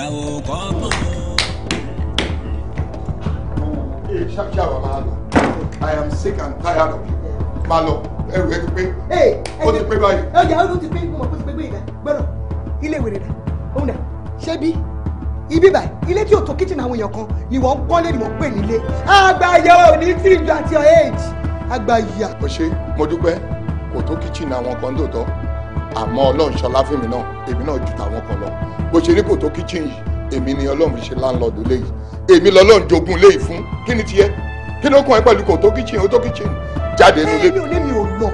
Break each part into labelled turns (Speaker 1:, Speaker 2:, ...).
Speaker 1: ìyá ò i am sick and tired of you máa lọ ẹrù ẹ ti pé ó ti pé báyìí. ẹ jẹ́ ọdún ti pé mo mọ̀ pé ti pé ìdá gbọ́dọ̀ ilé ìwé rẹ̀ dà òun dà
Speaker 2: ṣé bí ibi báyìí ilé tí ò tó kíchìn àwọn èèyàn kan ni wọ́n ń kọ́lé ni wọ́n ń pè nílé
Speaker 1: àgbàyà ò ní tí ìjọ àti ọ̀ age àgbàyà. ọ̀ṣẹ́ mo dúpẹ́ kò tó kíchìn àwọn kan tó tọ́ àmọ́ ọlọ́run ṣọlá fèmí náà èmi náà ju tàwọn kan lọ bó ṣe rí kòtò kitchen yìí èmi ni ọlọ́run ṣe láńlọ́ọ̀dù léyìí èmi lọ́lọ́run jogún léyìí fún kí ni tiẹ̀ kí ló kún ẹ pẹ̀lú kòtò kitchen kòtò kitchen jáde nílé. ẹ mi ò lé mi ò lọ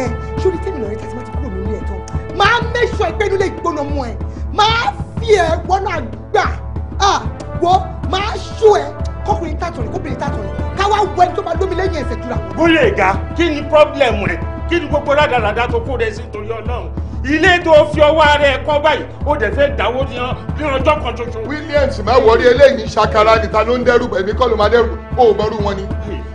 Speaker 1: ẹ
Speaker 2: sórí tèmi lọ rí tàbí tí kúrò nínú ẹ tán máa mẹsọ
Speaker 1: ìpẹnu lè gbóná mọ ẹ máa fi
Speaker 3: ẹ wọnà gbà wọ máa sọ ẹ kọkùnrin tàtọrin kóbìnrin tàtọrin káwá wọ ẹni tó máa lómi lẹ́yìn ẹsẹ̀ jura. gúlẹ̀ ga kí ni pọ́blẹ̀mù rẹ̀ kí ni gbogbo
Speaker 4: rádaràda tó kó rẹ sí torí ọlọ́run ilé tó fi ọwọ́ ara ẹ̀ báyìí ó dẹ̀ fẹ́ dáwó ní
Speaker 1: ọjọ́ kan ṣoṣo. Williams máa wọrí eléyìí ṣakara níta ló ń dẹ́rù ẹ̀mí kọ́ ló máa dẹ́rù ó mọ́rú wọn ni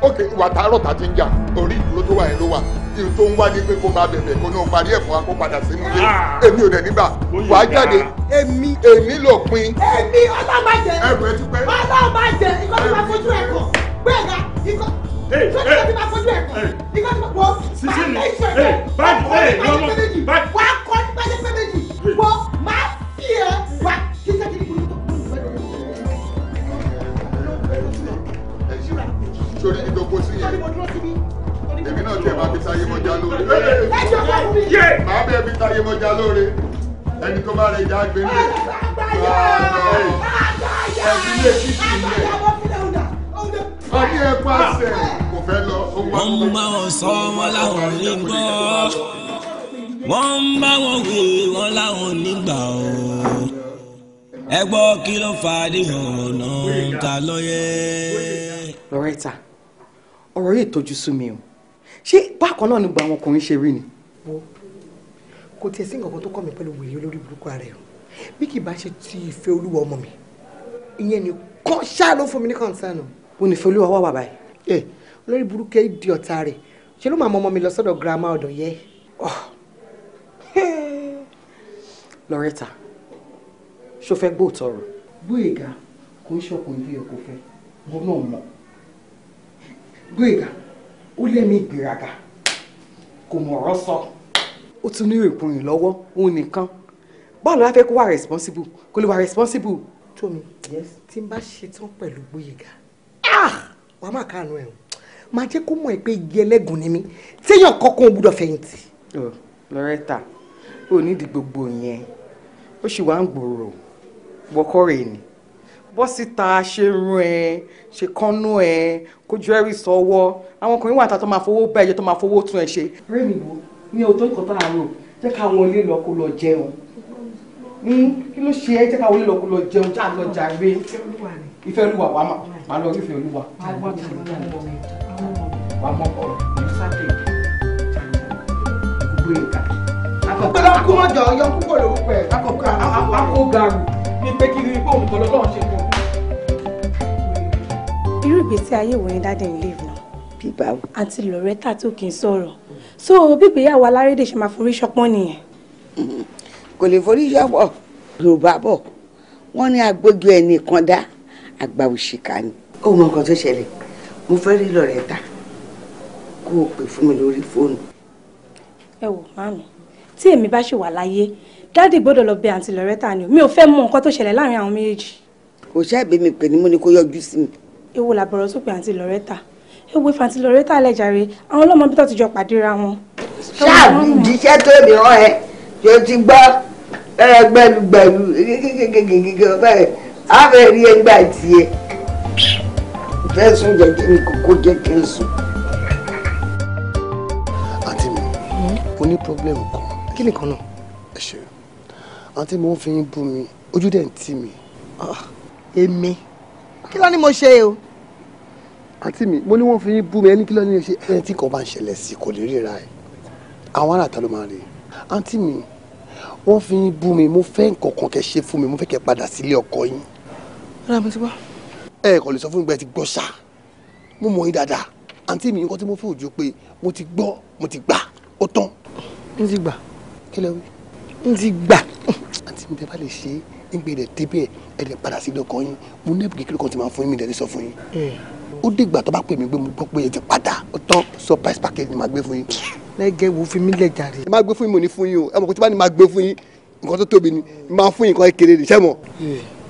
Speaker 1: ok ìwà tààrọ̀ tá ti ń jà orí ìdúró tó wà yẹn ló wà kí n tó ń wáyé pé kó máa bẹ̀bẹ̀ kó náà parí ẹ̀fọ́ akó padà sínú ilé ah! èmi ò dẹ̀ nígbà wà á jáde èmi èmi ló pin. èmi
Speaker 2: ọlọ́mọ jẹ ọlọ́mọ jẹ ikọ́ tó máa fojú ẹ̀kọ́
Speaker 3: gbẹ̀ngà ikọ́ sọ́jà ti máa fojú ẹ̀ kàn nígbà tí wọ́n máa ń ṣe ẹ̀ wọ́n kọ́ nípa ẹgbẹ́ méjì wọ́n á kọ́ nípa ẹgbẹ́ méjì wọ́n máa fi ẹ̀ wá
Speaker 1: kí sẹ́kì ní kúrú tó kúrú ìgbẹ́ sori ni dogbo si yẹn èmi náà tiẹ̀ máa fi táyé mọ́já lóore máa bẹ́ẹ̀ fi táyé mọ́já lóore ẹni tó bá rẹ̀ já gbé ní ẹ̀
Speaker 5: ẹ̀sìn lè fi sí ilé
Speaker 1: ọdí ẹ pàṣẹ kò fẹ́ lọ.
Speaker 5: wọ́n ń bá wọn sọ wọn láwọn ní gbọ́ wọ́n ń bá wọn wí wọn láwọn nígbà o
Speaker 2: ẹ gbọ́ kí ló fà á dé ọ̀nà ta ló yẹ. loretta ọ̀rọ̀ yìí tójú sú mi o ṣé bákan náà ni gba àwọn ọkùnrin ṣe rí ni. kò tiẹ̀ sí nǹkan tó kọ́ mi pẹ̀lú wèrè olórí burúkú ara o bí kì í bá ṣe ti ìfẹ́ olúwa ọmọ mi ìyẹn ni kọ́ ṣáà ló fún mi ní kọ́ńtánù onífẹ́lúwa wà wà báyìí. ẹ olórí burúkú ẹ di ọ̀tá rẹ̀ ṣé ló máa mọ ọmọ mi lọ sọ́dọ̀ girama ọ̀dọ̀ yẹ. Oh. Loretta ṣó fẹ́ gbó tọrọ. Gbóyèga kò ń ṣọkùn ìlú ẹ̀kọ́ fẹ́ mo náà mọ̀ Gbóyèga ó lẹ́mí ìgbéraga kò mọ̀rọ̀ sọ. ó tún ní ìrìnkùnrin lọ́wọ́ òun nìkan báwo la fẹ́ kó wà responsible kó lè wà responsible. tómi tí n bá ṣetán pẹ̀lú Gbóyèga wà á má káànú ẹ̀ o máa jẹ́ kó mọ̀ ẹ́ pé igi ẹlẹ́gùn ni mí téèyàn kọ́kọ́ ò gbúdọ̀ fẹ̀yìntì. Oh, lọ́rẹ́ta ò ní di gbogbo yẹn ó sì wá ń gbòòrò wọ́kọ́ rẹ̀ ni bọ́ síta ṣe rún ẹ ṣe kánú ẹ kójú ẹ̀rí sọ́wọ́ àwọn ọkùnrin wà tó máa fowó bẹ́ẹ̀ jẹ́ tó máa fowó tún ẹ ṣe. ọ̀rẹ́ wo ní o tó ń kọ́tà àárọ̀ jẹ́ ká wọlé lọ kó lọ jẹun hmm, kí ló ṣe é jẹ́ ká wọlé lọ kó lọ jẹun já lọ jàre ìfẹ́ olúwa wàá máa máa lọ orífẹ́ olúwa wà á mọ ọ̀rọ̀ ní sátẹ̀dẹ̀ gbogbo ìka. àkọ́kọ́ ló kú mọ́jọ yọ púpọ̀ lórúkọ ẹ̀. àkọ́kọ́ àkó garu
Speaker 3: ní pé kí ni bóun kọ́ lọ́wọ́ ṣe fún un.
Speaker 6: irú ìgbésí ayé wo ni dáadé ń lè nà bíbá àti lọ́rẹ́tà tó kì í sọ̀rọ̀ so bígbéyàwó alárédè ṣe máa forí ṣọpọ́n nìyẹn. kò lè forí ṣọpọ́ yorùbá bọ̀
Speaker 2: wọ́n ní agbójú ẹnì kan dá àgbà ni. ó mọ nǹkan tó ṣẹlẹ̀ mo fẹ́ rí Loretta kó o pè fún mi lórí fóònù.
Speaker 6: ẹ wò màmí tí èmi bá ṣì wà láyé dáàdì gbọ́dọ̀ lọ bẹ àǹtí Loretta ni mi ò fẹ́ mọ nǹkan tó ṣẹlẹ̀ láàrin àwọn méjèèjì.
Speaker 2: kò ṣàbẹ̀ mi pè ní mo ní kó yọjú sí mi.
Speaker 6: ewo làbọ̀rọ̀ tó pe àǹtí Loretta ewo ìfàǹtí Loretta lẹ́jàre àwọn ọlọ́mọ tó ti jọ pàdé ra wọn. ṣáà
Speaker 2: jíṣẹ́ abẹ rí ẹgbà tiẹ fẹ́ sùn jẹ́jẹ́ ní kókó jẹ́ kí n sùn. àǹtí mi hmm? mo ní pọ́blẹ́mù kan. kí nìkan náà. ẹ ṣe àǹtí mi wọ́n fi ń bú mi ojú dẹ̀ ń tì mí. Ah, èmi kí ló ní mo ṣe o. àǹtí mi mo ní wọ́n fi ń bú mi ẹni kí ló ní mo ṣe ẹni tí nǹkan bá ń ṣẹlẹ̀ sí kò lè ríra ẹ̀ àwọn aráàta ló máa rí àǹtí mi wọ́n fi ń bú mi mo fẹ́ nǹkan kan kẹ́ ṣe fún mi mo fẹ́ kẹ́ padà sílé ọkọ yín rárá mi ti wá. ẹ kò lè sọ fún mi pé ẹ ti gbọ́ ṣá mo mọ̀ yín dáadáa àǹtí mi nǹkan tí mo fẹ́ òjò pé mo ti gbọ́ mo ti gbà ó tán. n ti gbà kí lẹ wí. n ti gbà. àǹtí mi tẹ bá lè ṣe é ń gbé rẹ débẹ̀ ẹ padà sí lọkọ yín mo ní ẹbùkí kílókan tí màá fún yín mi lẹ́ni sọ fún yín. ó dìgbà tó bá pè mí pé mo gbọ́ pé ẹ ti padà ó tán surprise package ni màá gbé fún yín. lẹ́gẹ̀ wo fi mí lẹ̀ jàre. ẹ máa gbé fún yín mo ní fún yín o ẹ mọ̀ kó tí bá ní máa gbé fún yín nǹkan tó tóbi ni máa fún yín nǹkan kékeré ni sẹ́mọ̀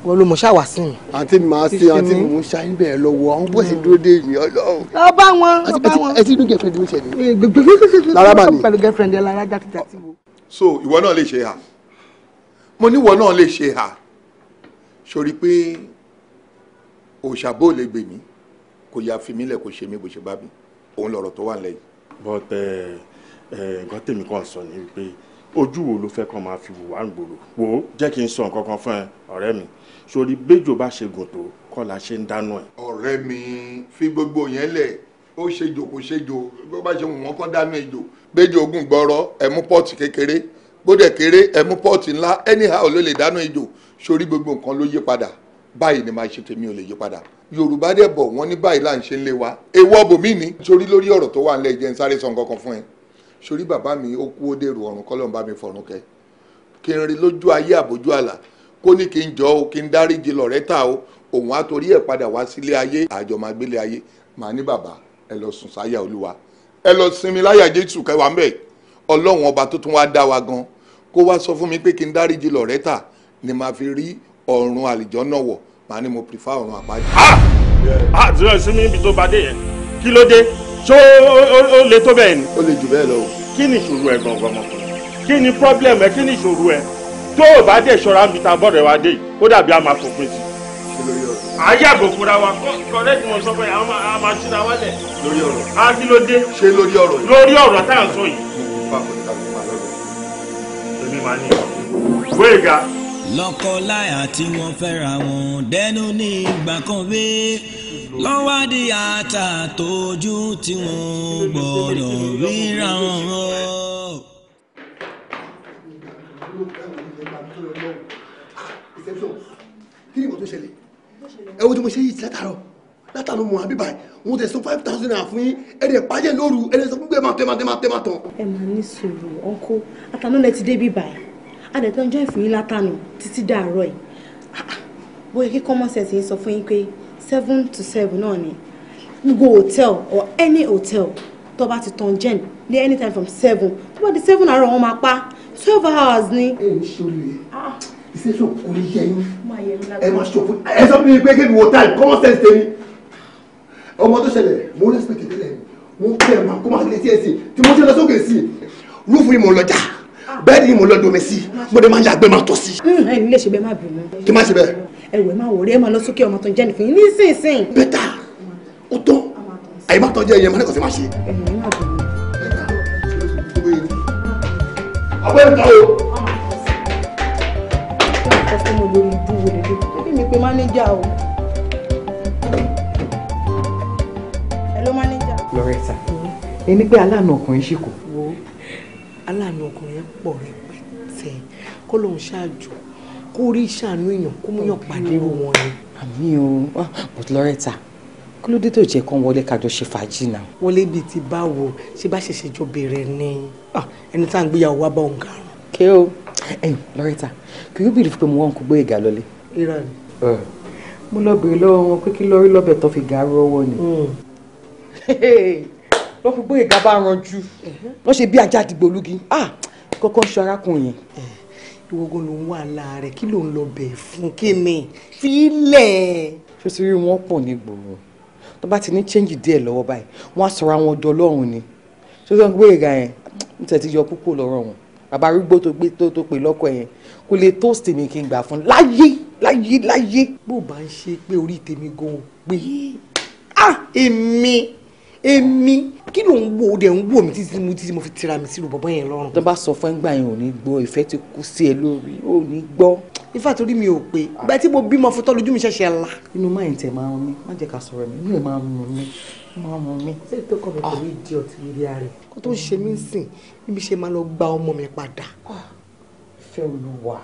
Speaker 2: wọ́n ló mọ̀ ṣáwá sí mi. àǹtí mi máa ṣe àǹtí mi mú bẹ́ẹ̀ lọ́wọ́ àwọn bó ṣe hmm. dúró dé mi ọlọ́run. lọ bá wọn lọ bá wọn. ẹ ti dún girlfriend mi ṣẹlẹ̀. Eh, lára bá mi. pẹ̀lú girlfriend ẹ lára jáde jáde wo.
Speaker 1: so ìwọ náà lè ṣe hà mo ní ìwọ náà lè ṣe hà sórí pé òṣàbò lè gbè mí kò yá fi mí lẹ̀ kò ṣe mí bó ṣe bá mi òun lọ̀rọ̀ tó wà nílẹ̀ yìí.
Speaker 4: but eh,
Speaker 1: eh, nǹkan tèmi
Speaker 4: kàn sọ ni wípé ojú wo ló fẹ́ kàn máa fi wò wá ń gbòòrò wò jẹ́ kí n sọ nǹkan kan fún ẹ ọ̀rẹ́ mi sórí béjò bá ṣe gùn tó kọ́lá ṣe ń dáná ẹ̀.
Speaker 1: ọ̀rẹ́ mi fi gbogbo yẹn lẹ̀ ó ṣèjò kò ṣèjò bó bá ṣe wọ́n kọ́ dáná ìjò béjò ogun gbọ́rọ̀ ẹ̀mú pọ́ọ̀tì kékeré bóde kéré ẹ̀mú pọ́ọ̀tì ńlá anyhow ló lè dáná ìjò sórí gbogbo nǹkan ló yí padà báyìí ni máa ṣe tèmi ò lè yí padà yorùbá dẹ̀ bọ̀ wọ́n ní báyìí là ń ṣe ń lé wa ewu ọ̀bùnmí ni sórí lórí ọ̀rọ̀ tó wà ńlẹ̀ jẹ́ ń sáré sọ kan fún ẹ sórí bàbá mi ó kú ó dèrò ọ̀run kọ́lọ́ọ̀ bá mi fọ̀run kẹ́ kí n rí lójú ayé àbójú àlà kó ní kí n jọ o kí n dáríji Loretta o òun á torí ẹ̀ padà wá sílé ayé àjọ máa gbélé ayé màá ní bàbá ẹ lọ sùn sáyà olúwa ẹ lọ sinmi láyà Jésù kẹwàá ń bẹ ọlọ́run ọba tó tún wá dá wa gan kó wá sọ fún mi pé kí n dáríji Loretta ni màá fi rí ọ̀run àlìjọ́ náà wọ̀ màá ní mo prefer ọ̀run àpájá. a ti rẹ̀ sí mi ibi tó bá yẹn kí ló dé ṣé ó le tó bẹ́ẹ̀ ni. ó le jù bẹ́ẹ̀ lọ. kí ni ìṣòro ẹ̀
Speaker 4: gangan mọ́ kí ni problem ẹ̀ kí ni ìṣòro ẹ̀ tó o bá dẹ̀ ṣọ́ra mi ta bọ́ọ̀rẹ̀ wa dé yìí ó dàbí a fòpin sí. ayé àgbòkúra wa kọ́lẹ́ tí mo sọ pé a máa ṣíra wálẹ̀. lórí ọ̀rọ̀. a kí ló dé. ṣé lórí ọ̀rọ̀ yìí. lórí ọ̀rọ̀ tá à ń sọ yìí.
Speaker 5: èmi máa ní tí wọ́n fẹ́ra wọn dẹnu ní ìgbà kan wé lọ́wádìí ata tójú tí wọ́n gbọ́dọ̀ ríra wọn.
Speaker 3: fíìmù tó ṣẹlẹ̀ ẹ wo tí mo ṣe yìí látàárọ̀ látàánú mọ̀ àbíbà wọn tẹ̀ sún five thousand naira fún yín ẹ̀rẹ̀ pàjẹ́ lóru ẹ̀rẹ̀ sọ pé máa tẹ́mà tẹ́mà tẹ́mà tán.
Speaker 6: ẹ máa ní sùúrù ọkọ àtàánú lẹ ti débi báyìí àdẹ̀tọ́ ọjọ́ ìfún yín látàánú títí dàárọ̀ yìí bóyá ah, ah. kí common sense yín sọ fún yín pé seven to seven náà ni gbogbo hotel or any hotel tó bá ti tan gen ní anytime from seven tó bá di seven àárọ̀ wọn máa pa twelve hours ni. ẹ ń ṣòro yẹn ìṣẹ́sọ̀ kò ní yẹ yín ẹ máa ṣòfò
Speaker 3: ẹ sọ fún mi pé kébì wo time common sense tèmi ọmọ tó ṣẹlẹ̀ mo respect tẹ́lẹ̀ wọ́n pẹ́ máa kó máa létí ẹ̀sìn tí mo ṣe lọ sókè sí rúfin mo lọ jà ah. bẹ́ẹ̀ ni mo lọ domi sí mo dé máa ń yàgbẹ́ máa tọ̀ sí.
Speaker 6: Hmm, ẹ nílé ṣe bẹ́ẹ̀ má bínú. kí má ṣe bẹ́ẹ̀. ẹ wẹ̀ máa wọ̀rí ẹ máa lọ sókè ọmọ tó ń jẹ́ nìkan yín nísinsìnyí. bẹ́tà
Speaker 3: ó tán àyè má tọ́jú ẹyẹ mọ́lẹ́kọ̀ọ́ sí máa ṣe. ẹ̀yìn má bínú. ọgbẹ́ni ta o kọ́sítọ́mù lórí
Speaker 2: ibú
Speaker 6: wo lè mi pé mánéjà o. hello mánéjà.
Speaker 2: Loretta mm-hmm. ẹni pé aláàánú ọkùnrin ṣì kù. wo aláàánú ọkùnrin yẹn pọ̀ rẹpẹtẹ kó lóun ṣáàjò kó rí ìṣàánú èèyàn kó múyàn pàdé wọn àmì o ah, but Loretta kí ló dé tó jẹ́ kán wọlé kájọ ṣe fàájì náà. wọlé bíi ti báwo ṣé bá ṣẹ̀ṣẹ̀ jọ bẹ̀rẹ̀ ni ah, ẹni tá à ń gbéyàwó wá bá òun kàrún. kí o. Hey, Loretta, can you believe pé mo wá ń kó gbé ìgà lọlé? Irọ́ ni. Mo lọ bèrè lọ́wọ́ wọn pé kí lọ́rí lọ́bẹ̀ tó fi gàárù ọwọ́ ni. Lọ́ hmm. fi gbé ìgà bá ranjú. Lọ́ ṣe bí ajá àdìgbò olúgi. Ah, kọ́kọ́ ṣe arákùnrin yẹn. Ìwọ́gun ló ń wà láàárẹ̀ kí ló ń lọ bẹ̀ fún kíni? Fílẹ̀. Ṣé ti rí wọn pọ̀ ní gbòòrò? Tó bá ti ní chẹ́ǹjì díẹ̀ lọ́wọ́ báyìí, wọ́n á sọra wọn bàbá arúgbó tó gbé tó tó pè lọ́kọ yẹn kò lè toast mi kí n gbà fún láyé láyé láyé bó bá ń ṣe pé orí tèmi gan pé ah èmi èmi kí ló ń wo o dẹ̀ ń wò mí títí mo títí mo fi tira mi sílùú bọ́bọ́ yẹn lọ́rùn. tó bá sọ fún ẹgbà yẹn ò ní gbọ́ ìfẹ́ ti kú sí ẹ lórí ò ní gbọ́. ifá torí mi ò pé ìgbà tí mo bímọ fún tọ́lójú mi ṣẹ̀ṣẹ̀ la. inú máyì tẹ̀ máa ń mi má jẹ́ ká sọ̀rọ̀ mi inú ẹ̀ máa ń rún mi máa mú mi. ṣé ètò ọkọ mi kò ní di ọtí lórí ara rẹ. kó tó ṣe mí sìn níbi ṣe máa lọ gba ọmọ mi padà. Ah, ìfẹ́ olúwa.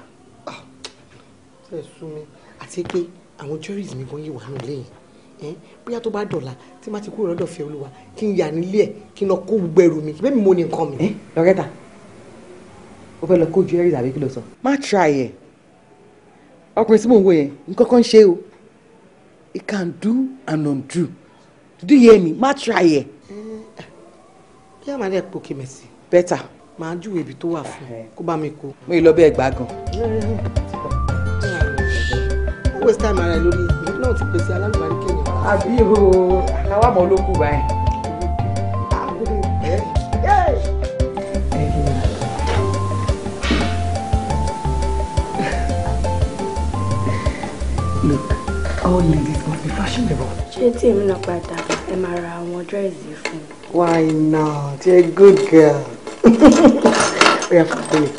Speaker 2: ṣe sú mi àti pé àwọn juries mi gan yìí wà nílé yìí bóyá tó bá dọ̀la tí má ti kúrò lọ́dọ̀ fẹ́ olúwa kí n yà nílé ẹ̀ kí n lọ kó gbogbo ẹrù mi bẹ́ẹ̀ mi mo ní nǹkan mi. lọ́rẹ́ta o fẹ́ lọ kó juries àbí kí ló sọ. má try ẹ̀ ọkùnrin tí mò ń wò yẹn nǹkan kan ṣe o he can do and undo do you hear me má try ẹ. bí àwọn àlẹ́ pòkè mẹ́sì. better màá júwèé ibi tó wà fún ẹ kó bá mi kó. mo yìí lọ bẹ́ẹ̀ gbá gan. ó waste time ara ẹ lórí ìpín náà ti pèsè alálùbárí kẹ́yìn. àbí o àwa mọ̀ ló kù báyìí. Look, all ladies must be fashionable.
Speaker 6: Ṣé tí èmi náà padà? ẹ máa ra àwọn dírẹ́sì fún
Speaker 2: mi. why not you're a good girl. oya kò pé mi.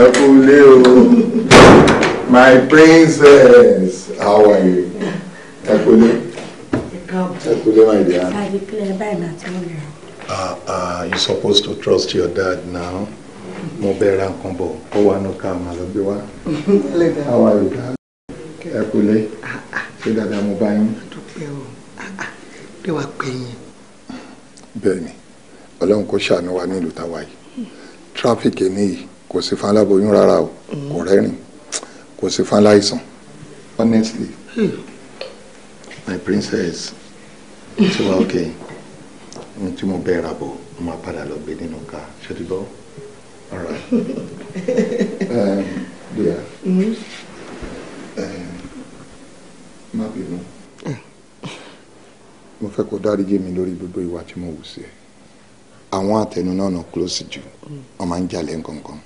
Speaker 1: ẹ kú lé o my princess how are you ẹ kú lé ẹ kú lé my dear.
Speaker 6: àbí kílẹ̀ báyìí náà tí wọ́n
Speaker 1: ah ah you're supposed to trust your dad now mo bẹ̀rẹ̀ nǹkan bọ̀ ó wà nù ká màá lọ gbé wá àwa yorùbá ẹ kò lé ah, ah. ṣé dáadáa mo bá yín.
Speaker 2: pé ah, wàá pè yín.
Speaker 1: bẹ́ẹ̀ ni ọlọ́run kò ṣàánú wa nílùú táwa yìí tráfíkì níyì kò sí fún aláboyún rárá o mm. kò rẹ́rìn kò sí fún aláìsàn honestly hmm. my princess ti wá ok mi tí mo bẹ̀rẹ̀ àbọ̀ mo máa padà lọ gbé nínú ká ṣe ti gbọ́. All right. um, dear. Mm-hmm. Um, má bínú. Mo fẹ́ kó dáríjì mi lórí gbogbo ìwà tí mo wù sí Àwọn àtẹnu náà close jù. Wọ́n máa ń jalè nkankan.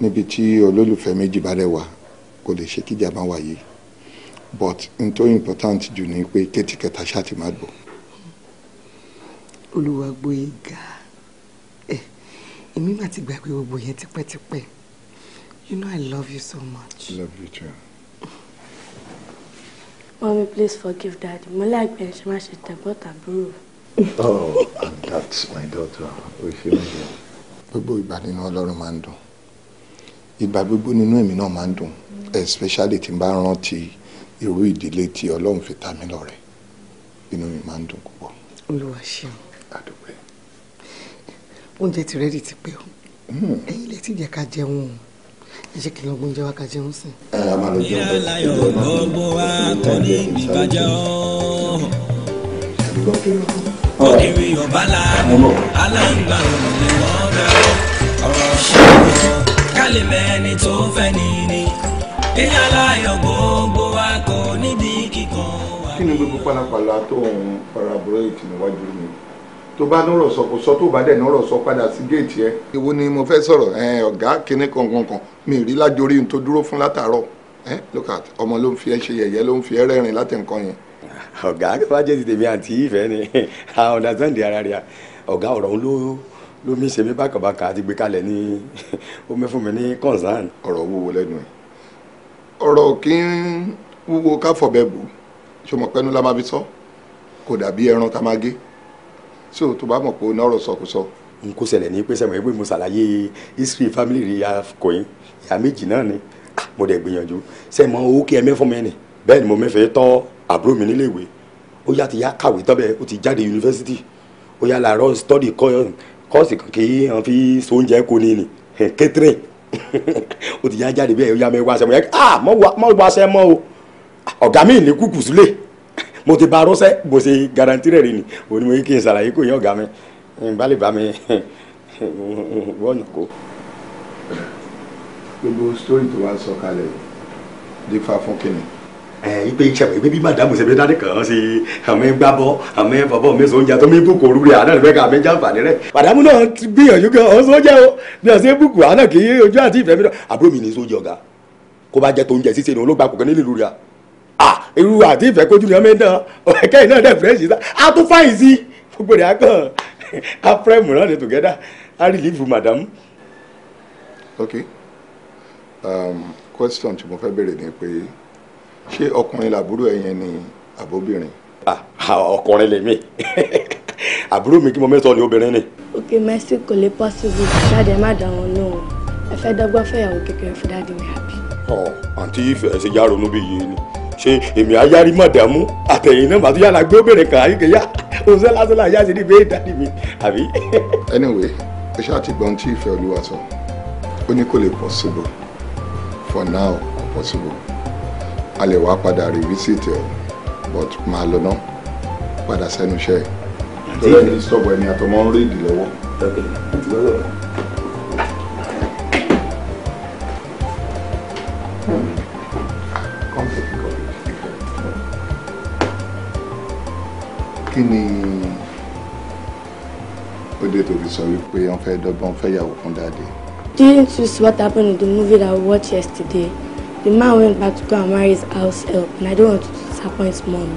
Speaker 1: Níbi tí olólùfẹ́ méjì bá rẹ̀ wá, kò lè ṣe kíjà máa wáyé. But n tó important jù ni pé kétíkẹta ṣáà ti máa gbọ́.
Speaker 2: Olúwa gbóyè ga èmi mà ti gbàgbé gbogbo yẹn tipẹ́tipẹ́ you know I love you so
Speaker 1: much. love you too.
Speaker 6: Mommy, please forgive Daddy. Mo láìpẹ́ ṣe má ṣe tẹ̀gbọ́n tàbúrò.
Speaker 1: Oh, and that's my daughter. We feel you. Gbogbo ìgbà nínú Ọlọ́run máa ń dùn. Ìgbà gbogbo nínú èmi náà máa ń dùn. Especially tí n bá rántí irú ìdílé tí Ọlọ́run fi ta mí lọ́rẹ. Inú mi máa ń dùn púpọ̀.
Speaker 2: Olúwa ṣeun oúnjẹ ti rẹ́dì ti pẹ́ o hmm. ẹ̀yin lè ti jẹ́ ká jẹun o ẹ ṣe kí ló
Speaker 5: gbóúnjẹ wa ká jẹun sí. ìyá láyọ̀ gbogbo wa kọ́ ní ìbàjẹ́ o ògiri ọba láàmú aláǹgbà òní wọ́n bẹ̀ ọ́ ọ̀rọ̀ ṣe
Speaker 1: é ká lè mẹ́ni tó fẹ́ ní ní ìyá láyọ̀ gbogbo wa kọ́ nídìí kíkan wà ní. kí ni gbogbo pálapàla tó ń fara bọ́rọ̀ ìtìmọ̀wájú mi tó bá nọ̀rọ̀ sọ kò sọ tó bá dẹ̀ nọ̀rọ̀ sọ padà sí géètì ẹ. èwo ni mo fẹ́ sọ̀rọ̀ ẹ ọ̀gá kinní kankan kan mi rí lájorí n tó dúró fún látàárọ̀ ẹ lókà ọmọ ló ń fi ẹ ṣe yẹ̀yẹ́ ló ń fi ẹ rẹ́rìn láti nǹkan yẹn.
Speaker 3: ọ̀gá bá jẹ́ ti tèmi àti ìfẹ́ ni a understand ara rẹ̀ ọ̀gá ọ̀rọ̀ ń ló ló mi ṣe mí bákàbákà àti gbé kalẹ̀ ní ó mẹ́fún mi ní concern. ọ̀rọ̀ wúwo lẹ́nu ẹ̀
Speaker 1: ọ̀rọ̀ kí ń wúwo káfọ̀bẹ́ bò ṣọmọpẹ́nu la máa fi sọ kò dàbí ẹran tá a máa gé ṣé o tó bá mọ̀ pé o nọ́rọ̀ sọkúsọ. n
Speaker 3: kò ṣẹlẹ̀ ní pé ẹgbẹ́ mo ṣàlàyé history family rí akọ̀yìn ìyá méjì náà ni ah, mo dẹ̀ gbìyànjú sẹ́wọ̀n owó kí ẹ mẹ́fọ́ mẹ́rin bẹ́ẹ̀ ni mo mẹ́fẹ́ tọ́ àbúrò mi nílé ìwé ó yá ti yá kàwé tọ́bẹ̀ ó ti jáde yunifásitì ó yá làárọ̀ study kọ́ọ̀sì kan kì í hàn fi sóúnjẹ kò ní ni catering ó ti yá jáde bẹ́ẹ̀ ó yá mẹ́wàá sẹ́wọ̀n yẹn ah mọ́ wàá sẹ́wọ̀n o ah, ọ̀gá mi ní kúkú sílé mo ti ba rọ́ṣẹ́ bó ṣe garanti rẹ̀ rí ni òní mo yí kí n ṣàlàyé kò yín ọ̀gá mi n bá lè bá mi wọ́ọ̀nù kó.
Speaker 1: gbogbo sítórì tó wá sọ
Speaker 3: kalẹ̀ dífá fún kínní. ẹ ipe iṣẹ ìwé bí màdàmú ṣe fi dáadé kàn án sí àmì gbábọ àmì bàbá mi sóúnjẹ tó mi bùkù òrùlé àná rẹ kà mí jàǹfààní rẹ. màdàmú náà gbìyànjú gan ọ̀hún sóúnjẹ o bí ọ̀sẹ̀ bùkù àná kì í ojú àti ìfẹ́ mi náà àbúrò mi ní sóúnjẹ ọ̀gá kó bá jẹ tó ń jẹ sísè ni olóògbà kò kẹ́ irú àti ìfẹ́ kojú mi ọmọ ẹ̀dán ọ̀kẹ́ iná dẹ̀ fẹ́ẹ́ ṣiṣẹ́ a tún fáyìn sí gbogbo rẹ̀ akàn a fẹ́ẹ̀mù náà ní together
Speaker 1: a relieve madam. ok um, question tí mo fẹ́ béèrè ni pé ṣé ọkùnrin làbúrò ẹ̀yẹn ni àbóbìnrin. ọkùnrin lèmi àbúrò mi kí mo mẹ́sàn-án ni obìnrin ni.
Speaker 6: ok mercy kò lè possible dáadé má dá wọn lóhùn ẹ fẹ́ dọ́gbọ́n fẹ́yàwó kékeré fún dáadé mi àbí.
Speaker 3: ọ̀ àǹtí ìfẹ́ ẹ̀ ṣe já ronú yìí ni ṣe èmi ayárí mọ̀dàmú àtẹ̀yìn náà màtó
Speaker 1: yàrá gbé obìnrin kan àyíké yá òun sẹ́lá sẹ́lá yá sí níbi mi àbí. anyway ẹ ṣáà ti gbọ́n tí ìfẹ́ olúwa sọ ó ní kò lè possible for now kò possible a lè wá padà revisit ẹ but máa lọ náà padà sẹ́nu iṣẹ́ ẹ̀ lọ́lẹ́ni sọ̀bọ̀ ẹni àtọmọ́ ń rí ìdí kí ni ó dé tó fi sọ wípé wọ́n fẹ́ dọ́gbọ́n fẹ́ yàwó fún dáadé.
Speaker 6: Didn't you see what happened in the movie that we watched yesterday? The man went back to go and marry his house help and I don't want to disappoint his mom.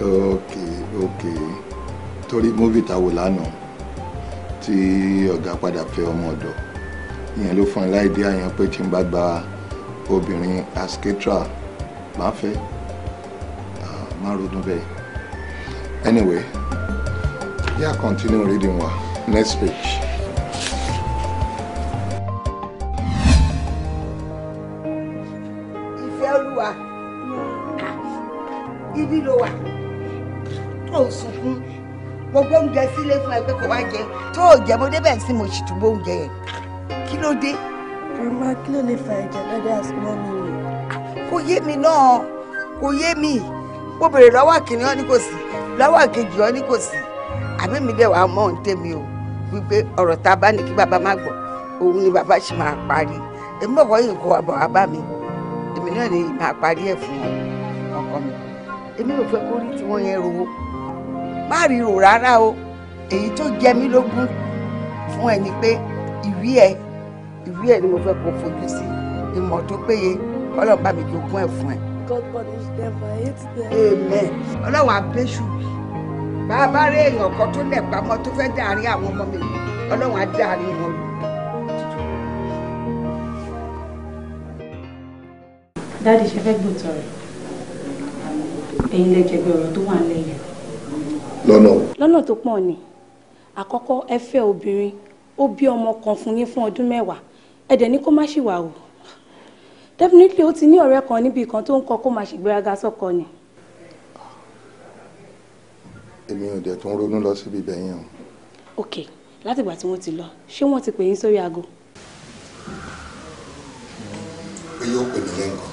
Speaker 1: Okay, okay. Torí movie ta wò lánàá tí ọ̀gá padà fẹ́ ọmọ ọ̀dọ̀ ìyẹn ló fún ẹ láìdí àyàn pé tí n bá gba obìnrin asketra máa fẹ́ ah, máa ronú bẹ́ẹ̀. Anyway, yeah, continue reading wa. Next page.
Speaker 2: Ìfẹ́ Olúwa, ibi ló wà, tó ń sunkún, gbogbo oúnjẹ sílé fún ẹgbẹ́ kò wá mo débẹ̀ sí mo sì tún bó oúnjẹ yẹn. Kí ló dé? mi rè? Kò mi náà, kò yé mi, lọ́wọ́ kejì ọ ní kò sí àbí mi dẹ̀ wàá mọ̀ ń tẹ̀mí o wípé ọ̀rọ̀ tá a bá ní kí bàbá má gbọ́ òun ni bàbá sì máa parí èmi bọ̀ wọ́n yìí kó àbọ̀ wá bá mi èmi náà ni máa parí ẹ̀ fún ọkọ mi èmi ò fẹ́ kó rí tiwọn yẹn ro má ríro rárá o èyí tó jẹ mí lógún fún ẹ ni pé ìwé ẹ ìwé ẹ ni mo fẹ́ kó fojú sí ìmọ̀ tó péye kọ́lọ́ bá mi jogún ẹ̀ fún ẹ.
Speaker 6: God punish them for it. Amen.
Speaker 2: Ọlọ́run abéṣu bàbá rẹ̀ èèyàn kan tó lẹ̀ pamọ́ tó fẹ́ dàárín àwọn ọmọ mi
Speaker 6: Ọlọ́run á dàárín wọn. dáàdì ṣe fẹ́ gbòòtọ̀ rẹ̀ ẹ̀yin lẹ́jẹ̀gbẹ́ ọ̀rọ̀ tó wà lẹ́yìn. lọ́nà. lọ́nà tó pọ̀ ni àkọ́kọ́ ẹ fẹ́ obìnrin ó bí ọmọ kan fún yín fún ọdún mẹ́wàá ẹ dẹ̀ ní kó má ṣìwà o definitely ó ti ní ọ̀rẹ́ kan níbi kan tó ń kọ kó máa ṣègbéraga sọ́kọ ni.
Speaker 1: èmi ò dẹ̀ tó ń ronú lọ síbi ibẹ̀ yẹn o.
Speaker 6: ok látìgbà tí wọ́n ti lọ ṣé wọ́n ti pè yín sórí aago.
Speaker 1: pé yóò pè mí lẹ́ǹkan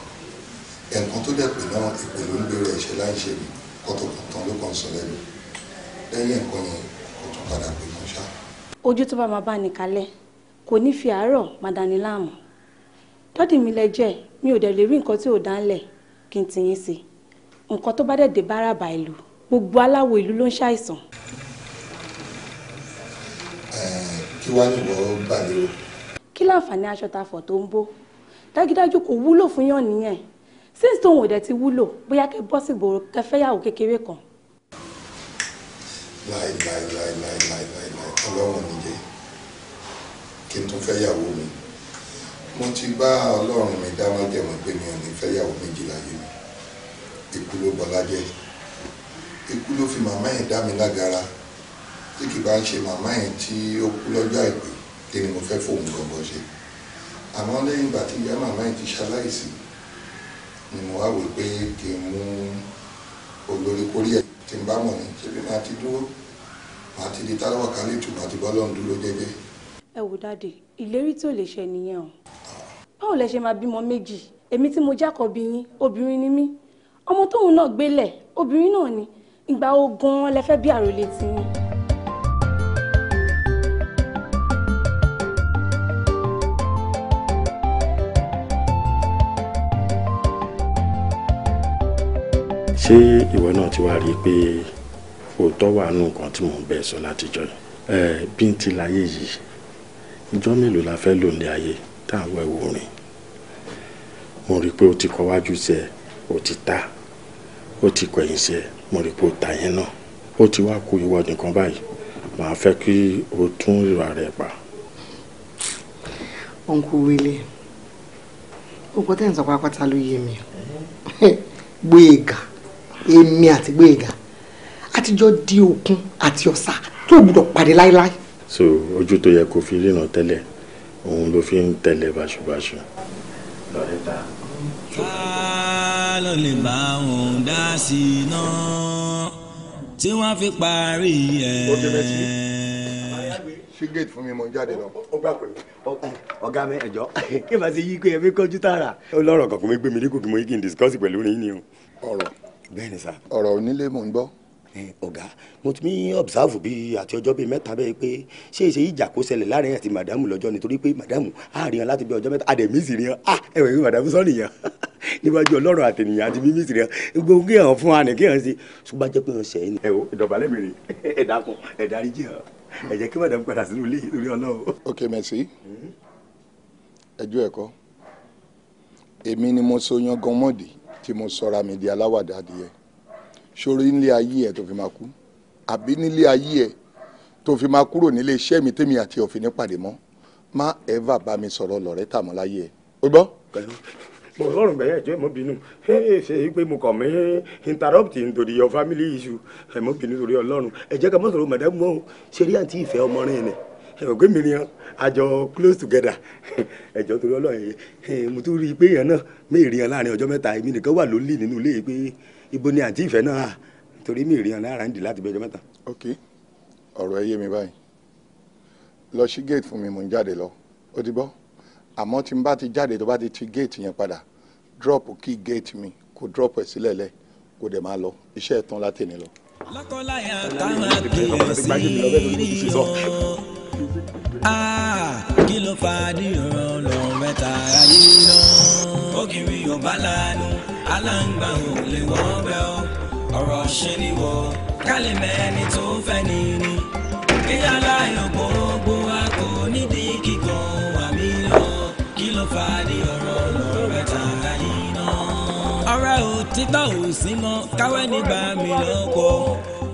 Speaker 1: ẹ̀ǹkan tó dẹ̀ pè náà ìpè ló ń gbére ẹ̀ṣẹ̀ láì ṣe mí kọ́tọ̀kọ̀tàn ló kàn sọ lẹ́nu lẹ́yìn ẹ̀ǹkan yẹn kò tún padà
Speaker 6: pè mọ́ ojú tó bá máa bá ní kalẹ̀ kò ní fi àárọ̀ máa dání láàmú dádì mi lẹ́jẹ̀ mi ò dẹ̀ lè rí nǹkan tí ò dánlẹ̀ kí n ti yín sí nǹkan tó bá dẹ̀ dé báràbà ìlú gbogbo aláwo ìlú ló ń ṣàìsàn.
Speaker 1: Eh, kí wàá ní wọ́n gbà lérò.
Speaker 6: kí láǹfààní aṣọ ta fọ̀ tó ń bó dájúdájú kò wúlò fún yàn nìyẹn since tóun ò dẹ̀ ti wúlò bóyá kẹ bọ́ sí ìgboro kẹ fẹ́yàwó kékeré kan.
Speaker 1: láìláìláìláìláìláì ọlọ́run nìyẹn kí n tún fẹ́yàwó mi mo ti bá ọlọ́run mi dá májẹ̀mú pé mi ò ní fẹ́yàwó méjì láyé mi ikú ló bọlá jẹ́ ikú ló fi màmá yẹn dá mi lágara tí kì bá ń ṣe màmá yẹn tí ó kú lọ́jọ́ àìpé kí ni mo fẹ́ fóun gbọ̀ngàn ṣe àmọ́ lẹ́yìn ìgbà tí ìyá màmá yẹn ti ṣaláìsí ni mo wá wò pé kí n mú olórí kórí ẹ̀ tí n bá mọ̀ ní ṣébí màá ti dúró màá ti di tálọ́wọ̀ kálí tù màá ti bọ́ lọ́run jẹ́jẹ́.
Speaker 6: ẹ wò dáàdì ìlérí tó lè ṣe nìyẹn o báwo lẹ ṣe máa bímọ méjì èmi tí mo jákọ̀bí yín obìnrin ni mí ọmọ tóun náà gbélẹ̀ obìnrin náà ni ìgbà wo gan-an lẹ fẹ́ bí àròlé ti yín.
Speaker 4: ṣé ìwọ náà ti wá rí i pé òótọ́ wà nù nǹkan tí mò ń bẹ́ẹ̀ sọ látijọ́ yìí bí n ti láyé yìí ìjọ́ mélòó la fẹ́ lò ní ayé tá à ń wẹ̀ wò rìn mo rí i pé o ti kọ wájú sí ẹ o ti ta o ti kọ̀yìn sí ẹ mo rí i pé o ta yẹn náà ó ti wá ku ìwọ nìkan báyìí màá fẹ́ kí o tún ìwà
Speaker 2: rẹ̀ pa. ònkú wílé òkú tẹ̀ ń sọ pápátá ló yé mi gbéga èmi àti gbéga àtijọ́ di òkun àti ọ̀sà tó gbúdọ̀ pàdé láéláé.
Speaker 4: so ojú tó yẹ kó fi ríran tẹ́lẹ̀ òun ló fi ń tẹ̀lé báṣubàṣu.
Speaker 5: ká lè bá òun dá sí i náà tí wọ́n fi parí ẹ̀.
Speaker 3: ṣé gate fún mi mo jáde lọ. ó gbà pé ọ̀gá mi ẹ̀jọ́ kí n bá ṣe yí pé ẹ̀mí kọjú tààrà. ó lọ́rọ̀ kankan mi gbé mi ní kòkí mo yí kí n discuss pẹ̀lú yín ni o. ọ̀rọ̀ bẹ́ẹ̀ ni sá. ọ̀rọ̀ onílé mò ń gbọ́ ọ̀gá mo ti ní observe bíi àti ọjọ́ bíi mẹ́ta bẹ́ẹ̀ pé ṣé ìṣe ìjà kó ṣẹlẹ̀ láàrin àti màdàmù lọ́jọ́ nítorí pé màdàmù àárín láti bí ọjọ́ mẹ́ta àdẹ̀mí sì rìn ah ẹ̀wẹ̀ bí màdàmù sọ́ọ̀nì yẹn níwájú ọlọ́run àtẹnìyàn àti mímí sì rìn gbogbo kí hàn fún wa ní kí hàn sí ṣùgbọ́n jẹ́ pé hàn ṣẹ́yìn. o ìdọ̀bálẹ̀ mi rè é dákun ẹ dárí jì hàn ẹ jẹ́ kí màdàmù padà sínú ilé
Speaker 1: lórí ọlọ́run. ok merci ẹjọ́ hmm? ẹ̀kọ́ èmi ni mo so yan gan mọ́dì tí mo sọra mi ṣòro nílé ayé ẹ tó fi máa kú àbí nílé ayé ẹ tó fi máa kúrò nílé iṣẹ́ mi tèmi àti òfin ní pàdé mọ́ má ẹ̀fà bá mi sọ̀rọ̀ lọ̀rẹ́ tàmọ́ láyé ẹ o gbọ́.
Speaker 3: mo lọ́rùn bẹ́ẹ̀ jẹ́ mo bínú ṣe é pé mo kàn mí interrupt nítorí your family issue ẹ̀ mo bínú torí ọlọ́run ẹ jẹ́ ká mọ̀ sọ̀rọ̀ madam mọ́ ṣe rí àǹtí ìfẹ́ ọmọ rẹ̀ yẹn ẹ̀gbẹ́ mi ni àjọ close together ẹ̀jọ̀ torí ọlọ́run mo tún rí i pé èèyàn náà mi rí yan láàrin ọjọ́ mẹ́ta èmi nìkan wà lólì nínú ilé yìí pé ibo ni àǹtí ìfẹ́ náà torí
Speaker 1: mi rí yan lára ń dì láti bẹ́ẹ̀ ọjọ́ mẹ́ta. ok ọ̀rọ̀ ẹ yé mi báyìí lọ sí gate fún mi mò ń jáde lọ ó ti bọ́ àmọ́ tí n bá ti jáde tó bá ti ti gate yẹn padà drop key gate mi kó drop ẹ̀ sílẹ̀ lẹ̀ kó dẹ̀ máa lọ iṣẹ́ ẹ̀ tán látẹ̀ ní lọ.
Speaker 6: lọ́kọ̀ọ́láyà táwọn
Speaker 5: akéèyàn sí rí i Ah, kí ló fa díran lọ́rẹ́ tààrà yìí náà. ògiri ọba lanu aláǹgbà ò lè wọ́n bẹ́ ọ ọ̀rọ̀ ṣe ni wọ́ kálí mẹ́ni tó fẹ́ ni ni. kí aláyọ̀ gbogbo wa kò nídìí kíkan wà mí lọ kí ló fa díran lọ́rẹ́ tààrà yìí náà. ọ̀rẹ́ òtítọ́ ò sí mọ́ káwé nígbà mi lọ́kọ̀ọ́.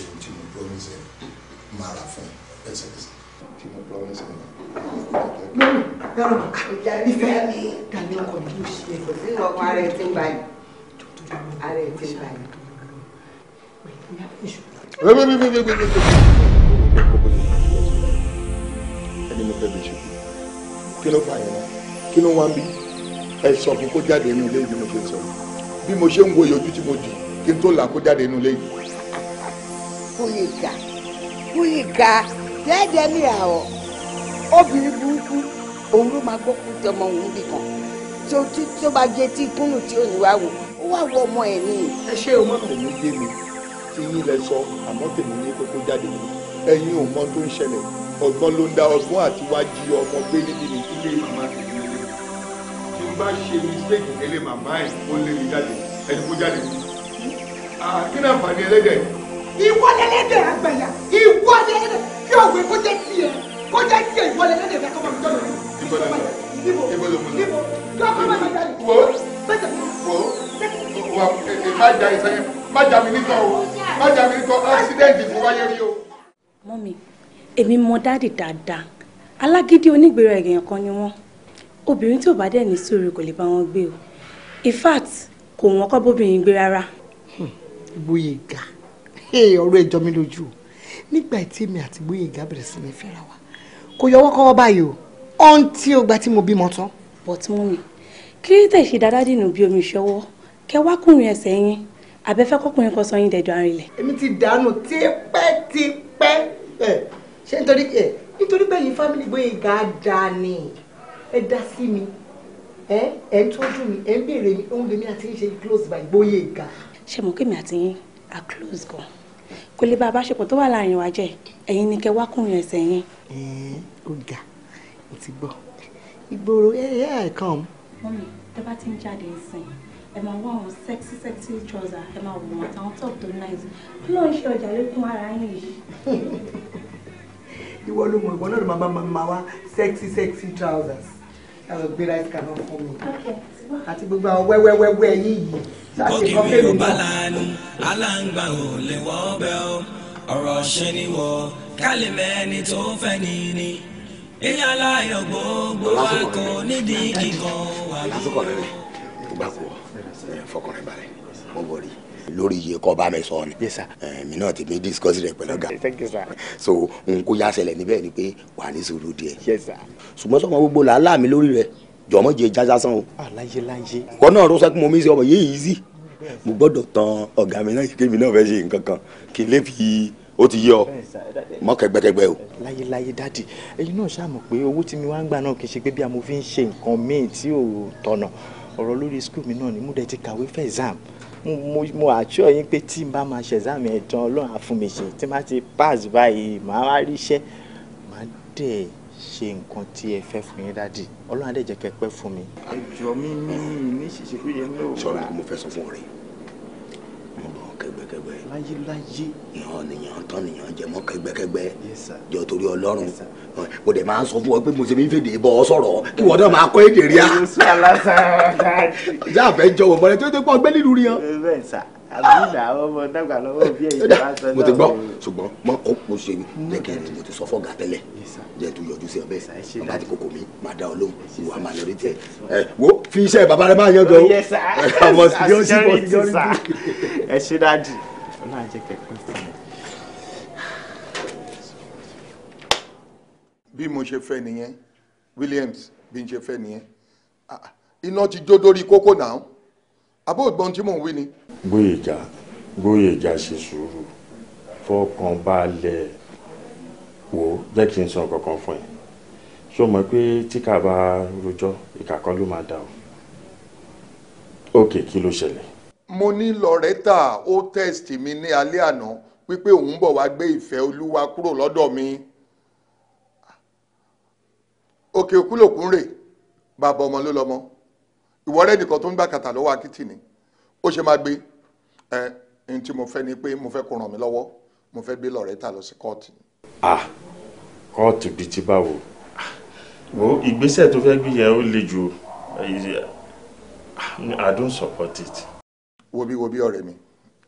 Speaker 1: ṣe ohun tí mo promise ẹ
Speaker 2: máa rà fún ẹsẹ̀kẹsẹ̀ tí mo promise ẹ. lọ́rọ̀ ìfẹ́ dàbí ọkọ̀ mi ló ṣe é. kò sí ọkọ̀ ara ẹ ti ń báyìí ara ẹ ti ń báyìí. ẹni mo
Speaker 1: fẹ́ bí ṣe kí ló fà yẹn kí ló wá ń bí ẹ sọ fún kó jáde inú ilé yìí bí mo ṣe sọ bí mo ṣe ń wo ojú tí mo dì kí n tó là kó jáde inú ilé yìí.
Speaker 2: Kúyìnkà Kúyìnkà dẹ́ẹ̀dẹ́ ní àwọ̀ obìnrin burúkú òun ló máa gbọ́ kú tọmọ òun bì kan tí ó tí o bá jẹ tí kúnnù tí o ní wá wò ó wà wọ ọmọ ẹ̀ ní. ẹ ṣé
Speaker 1: o máa tẹ̀lé yé mi tí yín lẹ sọ àmọ́ tèmi ní kókó jáde mi ẹ̀yin ò mọ tó ń ṣẹlẹ̀ ọgbọ́n ló ń da ọgbọ́n àti wá jí ọmọ gbé níbi ní ilé màmá tèmi ní tí n bá ṣe mistake nílé màmá ẹ̀ ó lé mi jáde ẹni kó jáde mi. àkínàfààní ẹlẹ́dẹ̀ẹ́
Speaker 2: ìwọlẹ́lẹ́dẹ̀ àgbàyà ìwọlẹ́lẹ́dẹ̀ kí ọ̀gbẹ́ kó jẹ́ tiẹ̀ kó jẹ́
Speaker 1: tiẹ̀ ìwọlẹ́lẹ́dẹ̀ bẹ́ẹ̀ kọ́ bá mi jọ́lọ́ níbo níbo níbo jọ́kọ́ bá mi jáde. wo wo wa má ja ìsẹ́yìn má ja mi nítọ́ o má ja mi nítọ́ ásídẹ́ǹtì fún wáyé rí o.
Speaker 6: mọ́mi èmi mọ dáàdì dáadáa alágídí onígbèrè èèyàn kan ni wọ́n obìnrin tí ò bá dẹ̀ ní sùúrù kò lè bá wọn gbé o in fact kò wọ́n kọ́ bóbìnrin gbé rárá.
Speaker 2: Hmm, Bóyèga ọ̀rọ̀ ẹ̀jọ́ mi lójú o
Speaker 6: nígbà tí èmi àti Gbóyèga bẹ̀rẹ̀ sí ní fẹ́ra wa kò yọwọ́ kọ́wọ́ báyìí o ọ̀n tí o gba tí mo bímọ tán. but mummy kí ló tẹ̀ ṣe dáadáa dìnnà bí omi ìṣọwọ́ kẹ wá kùnrin ẹsẹ̀ yín àbẹ́fẹ́ kọkùnrin kan sọ yín dẹ̀dọ̀ àrìnlẹ̀. èmi ti dànù
Speaker 2: tipẹ́tipẹ́ ẹ ṣé nítorí ẹ nítorí bẹ́ẹ̀ yìí fámìlì Gbóyèga dáa ni ẹ dá sí mi ẹ ẹ ń tọ́jú mi
Speaker 6: ẹ ń béèrè mi ohun lèmi àti yín ṣe close by Gbóyèga. ṣé mo kí mi àti yín are close gan kò lè ba àbáṣepọ̀ tó wà láàrin wa jẹ́ ẹ̀yin ni kẹ́ wákùnrin ẹ̀sẹ̀ yẹn.
Speaker 2: ẹ ó ga mo ti gbọ́
Speaker 6: ìgboro ẹ ẹ ẹ kàn án. mọ́mí tẹ́ bá ti ń jáde ìsìn ẹ máa wá àwọn sexy sexy trouser ẹ máa wọ̀ àtàwọn top tó nice kí ló ń ṣe ọjà lókun ara yín yìí.
Speaker 3: ìwọ ló mọ ìwọ náà ló máa
Speaker 2: máa wá sexy sexy trousers ẹ lọ gbé rice can náà fún mi. okay àti gbogbo àwọn wẹ́wẹ́wẹ́wẹ́ yín yìí sáàsì kan fẹ́ mi náà.
Speaker 5: aláǹgbà ò lè wọ́ ọbẹ̀ o ọ̀rọ̀ ṣe ni wọ kálí mẹ́ni tó fẹ́ ni ni ilé aláyọ̀ gbogbo wa kò nídìí kíkan wà ní. lásìkò rẹ
Speaker 3: tó bá kú ọ fọkànrẹ balẹ̀ mo bọ rí lórí iye kọ́ bá mi sọ ni mi náà ti mi discuss rẹ pẹ̀lú ọ̀gá so n kò yá ṣẹlẹ̀ níbẹ̀ ni pé wà ní sùúrù díẹ̀ ṣùgbọ́n sọ́mọ gbogbo làálàá mi lórí rẹ jọmọ jẹ jaja san o. alayelaye. Ah, kọ́ náà rọ́ṣẹ́ kí mo mi ṣe ọmọ yéé yìí sí mo gbọ́dọ̀ tan ọ̀gá mi náà kémi náà fẹ́ ṣe nǹkan kan kí n lè fi ó ti yọ mọ kẹgbẹkẹgbẹ o. láyéláyé dáàdì ẹ̀yin náà ṣáà mọ̀ pé owó tí mi wá ń gbà náà kì í ṣe pé bí mo fi ń ṣe nǹkan míì tí ò tọ̀nà ọ̀rọ̀ lórí skul mi náà ni mo dẹ̀ ti kàwé fẹ́ exam mo mo àṣọ yín pé tí n bá máa ṣe exam ẹ̀dán ọlọ́run á fún mi ṣe tí n bá ti pass báyìí màá wá ríṣẹ́ màá dẹ̀ ṣe nǹkan tí ẹ fẹ́ fún yín dáàdì ọlọ́run á dẹ̀ jẹ́ kẹ́ pẹ́ fún mi. ẹ jọ mi ní ní ṣíṣe pé yẹn náà. sọ̀rọ̀ kí mo fẹ́ sọ fún ọ̀rẹ́ mo bọ̀ kẹgbẹ́kẹgbẹ́. láyé láyé. yàn nìyàn tán nìyàn jẹ mọ́ kẹgbẹ́kẹgbẹ́. jọ torí ọlọ́run mo dẹ̀ máa ń sọ fún ọ pé mo ṣe mi fèdè bọ́ ọ sọ̀rọ̀ kí wọ́n náà máa kọ́ èdè rí a. ìyá àfẹ́ jọ wọ̀ bọ́lẹ̀ tó tó pọ̀ gbẹ́ nílùú rí yan. bẹ́ẹ̀ sà àbúdà ọmọ mo ti gbọ́ ṣùgbọ́n mọ kó mo ṣe ni jẹ́kẹ́ ni mo ti sọ fọ́gà tẹ́lẹ̀ jẹ́ tó yọjú sí ọbẹ̀ bàbá ti kókò mi màá dá olóhùn ìwà máa lórí tẹ̀ ẹ wo fi iṣẹ́ bàbá rẹ máa yọjọ o oh, ọmọ síjọ́sí bọ́ síjọ́sí. ẹ ṣe dájú ọlọ́run jẹ́ kẹ́kọ̀ọ́
Speaker 1: sí bí mo ṣe fẹ́ nìyẹn Williams bí n ṣe fẹ́ nìyẹn ah, iná ti jó dórí kókó náà àbó ìgbọ́n tí mò ń wí ni.
Speaker 4: gbóyèjà gbóyèjà ṣe sùúrù fọkàn balẹ̀ wò jẹ́ kí n san kankan fún ẹ ṣó mọ̀ pé tíkà bá rojọ́ ìkà ló máa dà o òkè kí ló ṣẹlẹ̀.
Speaker 1: mo ní lọ́rẹ́tà ó test mi ní alẹ́ àná wípé òun bọ̀ wá gbé ìfẹ́ olúwa kúrò lọ́dọ̀ mi òkè òkúlòkúnrè bàbá ọmọ ló lọ́mọ ìwọ́rẹ́ nìkan tó ń gbà kàtà lọ́wọ́ akitì ni ó ṣe máa gbé ẹ n tí mo fẹ́ ni pé mo fẹ́ kó ràn mí lọ́wọ́ mo fẹ́ gbé Loretta lọ sí kóòtù.
Speaker 4: ah kóòtù bíi ti báwo wo ìgbésẹ̀ tó fẹ́ gbé yẹn ó le jù I don't support it.
Speaker 1: wobi wobi ọ̀rẹ́ mi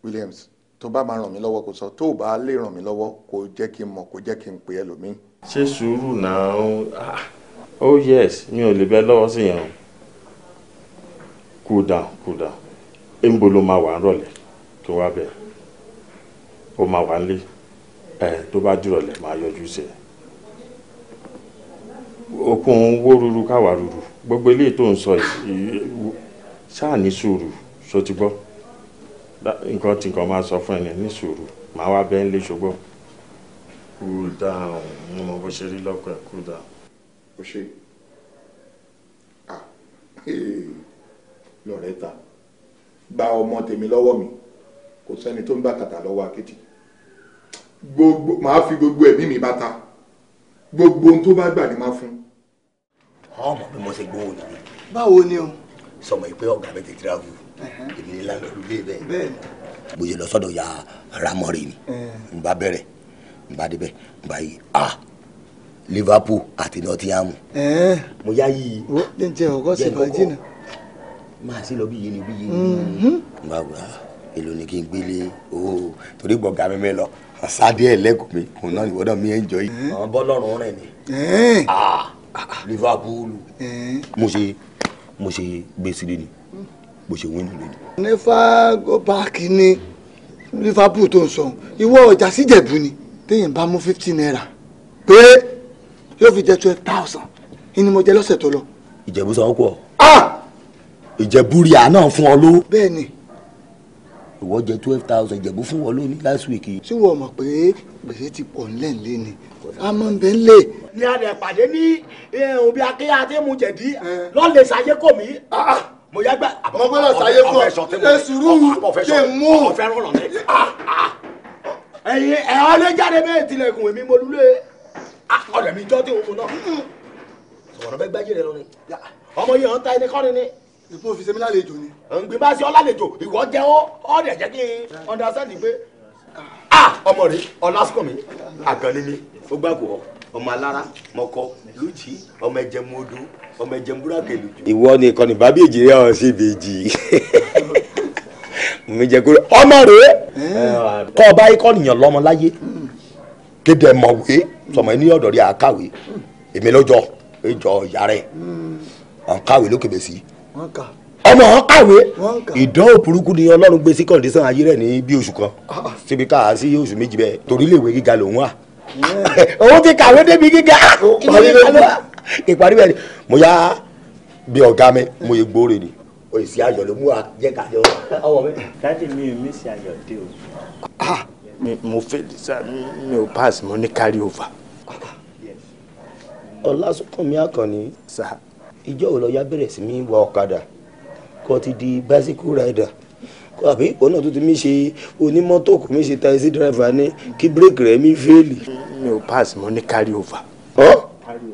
Speaker 1: Williams tó bá máa ràn mí lọ́wọ́ kò sọ tó o bá lè ràn mí lọ́wọ́ kò jẹ́ kí n mọ̀ kò jẹ́ kí n pè ẹlòmíì.
Speaker 4: ṣé sùúrù náà ah, oh yes mi ò lè bẹ lọ́wọ́ sí yẹn o. cool down cool down níbo ló máa wà nírọ̀lẹ́ kí wọ́n á bẹ̀ ó wà nlé ẹ̀ tó bá ma yọjú sẹ okun ruru ruru gbogbo eléyìí tó ń sọ yìí ní sùúrù ti gbọ nǹkan tí nǹkan máa sọ fún ẹni ní sùúrù wá bẹ́ẹ̀ lé cool down mo
Speaker 1: lọ́rẹ́ gba ọmọ tèmi lọ́wọ́ mi kò sẹ́ni tó ń gbà kàtà lọ́wọ́ akéjì gbogbo màá fi gbogbo ẹ̀mí mi bá gbogbo ohun tó bá gbà ni fún. ọmọ mi mo ṣe gbowó nìyí. báwo ni o. sọmọ yìí
Speaker 3: ọgá mi ti èmi ya ramori. ni n n a Liverpool àti Nottingham. mo yá yìí. jẹ́ máa sí lọ bí yìí ni bí yìí ni. báwo mm-hmm. èlò ni kí n gbélé owó torí gbọ̀ngàn mi mi lọ sáde ẹ̀ lẹ́kùn mi òun náà ìwọ́dọ̀ mi ẹ̀ ń jọ yìí. Mm-hmm. àwọn bọ́lọ́run rẹ̀ ni ah, Liverpool mo ṣe mo ṣe gbèsè lé ni mo ṣe wíńdù lé ni. nefa go ni Liverpool tó ń sọ ìwọ ọjà síjẹ̀bù ni téèyàn bá mú fifteen naira pé yóò fi jẹ́ twelve thousand ìní lọ́sẹ̀ tó lọ. ìjẹ̀bù sanwó kù ọ. Ah! ìjẹ̀búrí àná fún ọ ló. bẹ́ẹ̀ni. ìwọ jẹ twelve thousand ìjẹ̀bú fún ọ ló ní last week. ṣé wọ́n mọ̀ pé gbèsè ti pọ̀ ńlẹ̀ ńlẹ̀ ni a mọ̀ ń bẹ́ ńlẹ̀. ní a lè pàdé ní òbí akéyà tí mo jẹ̀dí lọ́ọ̀lẹ̀ sàyé kò mí ah, ah. mo yá gbà. mo gbọ́dọ̀ sàyé fún ẹ sùúrù ṣe mú. ẹyin ah, ẹ ọ lè jáde bẹ́ẹ̀ tilẹ̀kùn èmi mo lulẹ̀ ọ̀rẹ́ mi jọ́ tí o mọ̀ náà sọ̀rọ̀ bẹ́ẹ̀ gbájú rẹ lọ ni ọmọ yìí ọ̀ ń ta ẹni kọ́ni ni ìfún òfin sẹ́mi lálejò ni. ǹgbìn bá ṣe ọ́ lálejò ìwọ jẹ́ ọ́ ọ́ dẹ̀ jẹ́ kí n understand pé ah, ah, ọmọ rẹ ọlásùnkànmí àgànlélẹ ó gbàgbọ́ ọmọ alára mọkọ lùjì ọmọ ẹjẹ mọdú ọmọ ẹjẹ múrákè lùjù. ìwọ ni ìkànnì bábí èjì rẹ ọ sí ìbejì mi jẹ kúrò ọmọ rẹ kọ ọba ikọ nìyàn lọmọ láyé kéde mọ̀wé sọmọ ẹni ọ̀dọ̀ rẹ àkàwé èmi lọ́jọ́ ìjọ ìyá rẹ ọ̀nkàwé lókè bẹ́sì ọmọ wọn kàwé ìdánwò burúkú ni ọlọ́run gbé sí kọ̀ǹdísàn ayé rẹ̀ ní bí oṣù kan ah, ah. síbi ká sí oṣù méjì bẹ́ẹ̀ torí iléèwé gíga lòun wà òun ti kàwé débi gíga ìparí bẹ́ẹ̀ ni mo yá bí ọ̀gá mi mo yẹ gbóòrè ni òsì ayọ̀ ló mú wa jẹ́ ká jọ. ọwọ́ mi. dájú mi ò mísì ayọ̀ dé o. Ah. mo fail exam mi ò pass mo ní carry over. ọlásùnkànmí àkànní ìjọ ò lọ́ọ́ yá bẹ̀rẹ̀ sí mi wa ọ̀kadà kó ti di bicycle rider àbí ìpò náà tó ti mí ṣe onímọ́tò kò mí ṣe taxi driver ní kí bírèkì rẹ̀ mí fẹ́ẹ̀lì. mi ò pass mo ní carry over. ọ́ carry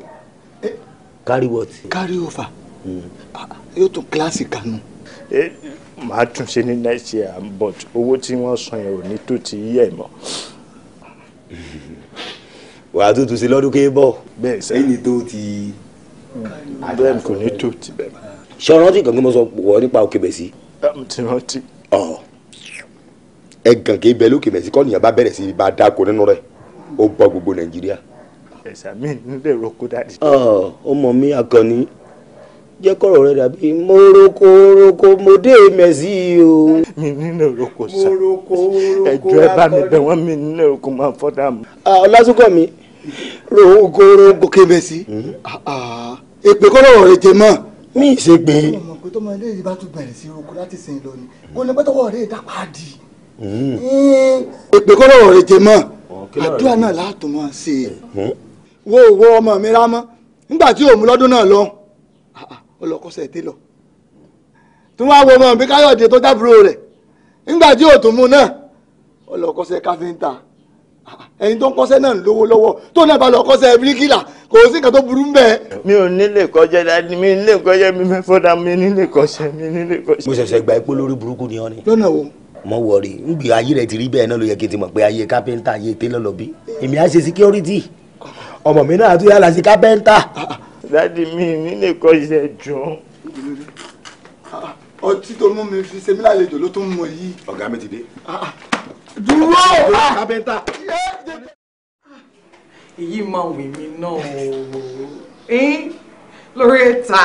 Speaker 3: eh? what. carry over hmm. ah, yóò tún kíláàsì kanu. Eh, màá tún ṣe ní next year but owó tí wọ́n san yẹn ò ní tó ti yẹ̀ mọ́. wàá tún tún sí lọ́dún kébọ̀. bẹ́ẹ̀ sẹ́yìn ni tó ti bẹ́ẹ̀ kò ní tó ti bẹ́ẹ̀. ṣé ọ̀rọ̀ tí gàngán mọ́ sọ wọ nípa òkè bẹ̀ sí. ti rántí. ẹ gàngán ibẹ̀ lókè bẹ̀ sí kọ́ nìyẹn bá bẹ̀rẹ̀ sí ibà dáko nínú rẹ̀ ó bọ́ gbogbo nàìjíríà. ẹ̀sà mi nílẹ̀ roko dáadé. ó mọ mi akànnì jẹ́ kọ́rọ̀ rẹ dàbí mo roko roko mo dé mẹ́sì o. mi nílẹ̀ roko sa ẹjọ́ ẹ bá mi bẹ̀ wọ́n mi nílẹ̀ roko máa fọ́dà mi. ọlásùnkọ̀ mi rogo rogo kébẹ̀ sí mhm. èpè kọ́ lọ́wọ́ rẹ jẹ mọ́ mi ì ṣe gbé. ọmọ
Speaker 2: pé tọmọ ilé yìí bá tún
Speaker 3: bẹ̀rẹ̀ sí roko láti sìn lọ ni ó ní pẹ́tọ́wọ́ rẹ dápá di. Mhm. èpè kọ́ lọ́wọ́ rẹ jẹ mọ́ àdúrà náà láàtò máa ṣe é mhm. wo wo ọmọ mi rámọ́ nígbà tí òun lọ́dún náà lọ ọlọ́kọ́sẹ̀ télọ̀ tí wọ́n á wo ọmọ mi káyọ̀dé tó dábúrò rẹ̀ nígbà tí òtún mu náà ọlọ́kọ́sẹ̀ káfíńtà ẹni tó ń kọ́ṣẹ́ náà ń lówó lọ́wọ́ tó náà bá lọ kọ́ṣẹ́ bíríkìlà kò sí nǹkan tó burú ń bẹ̀. mi ò nílé kọjá dání mi nílé kọjá mi mẹ́fọ́dá mi nílé kọjá mi nílé kọjá. mo ṣẹ̀ṣẹ̀ gba ipò lórí burúkú ni ọ́ ni. lọ́nà wo. mo wọrí ń gbé ayé rẹ ti rí bẹ́ẹ̀ náà ló yẹ kí n ti mọ̀ pé ayé kápẹ́ńtà ayé télọ̀ lọ bí èmi á ṣe síkírọ́rìtì ọmọ mi náà tún yàrá sí kápẹ́ńtà. dádì mi nílé kọjá ọtí tó mú mi fi ṣe mí ló tún mọ yìí. ọ̀gá mi ti dé. Ah, ah dúró ah! kábẹ́ntà. èyí máa wè mí náà o
Speaker 2: lórí ẹ̀ta.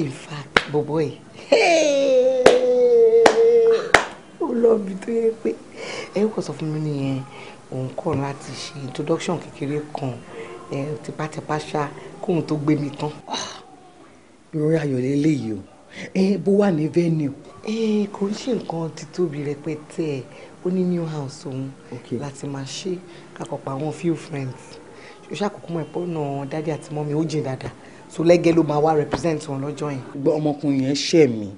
Speaker 2: in fact bọ̀bọ̀ ẹ̀ ó lọ bí tó yẹ pé ẹ kò sọ fún mi nìyẹn òun kọ̀ láti ṣe introduction kékeré kan ẹ tipátipá ṣá kóun tó gbé mi tán. ìrora ah! ayọ̀ lélẹ́yìí o ẹ bó wà ní venue. ẹ kò ń ṣe nǹkan títóbi rẹpẹtẹ ó ní new house òun láti máa ṣe kakọ̀pọ̀ àwọn few friends ṣe ṣàkókò mọ̀ ẹ̀pọ̀ náà dádì àti mọ́mi ó jìn dáadáa so lẹ́gẹ́ ló máa wá represent wọn lọ́jọ́ yẹn. gbọ́ ọmọkùnrin yẹn ṣẹ̀ mí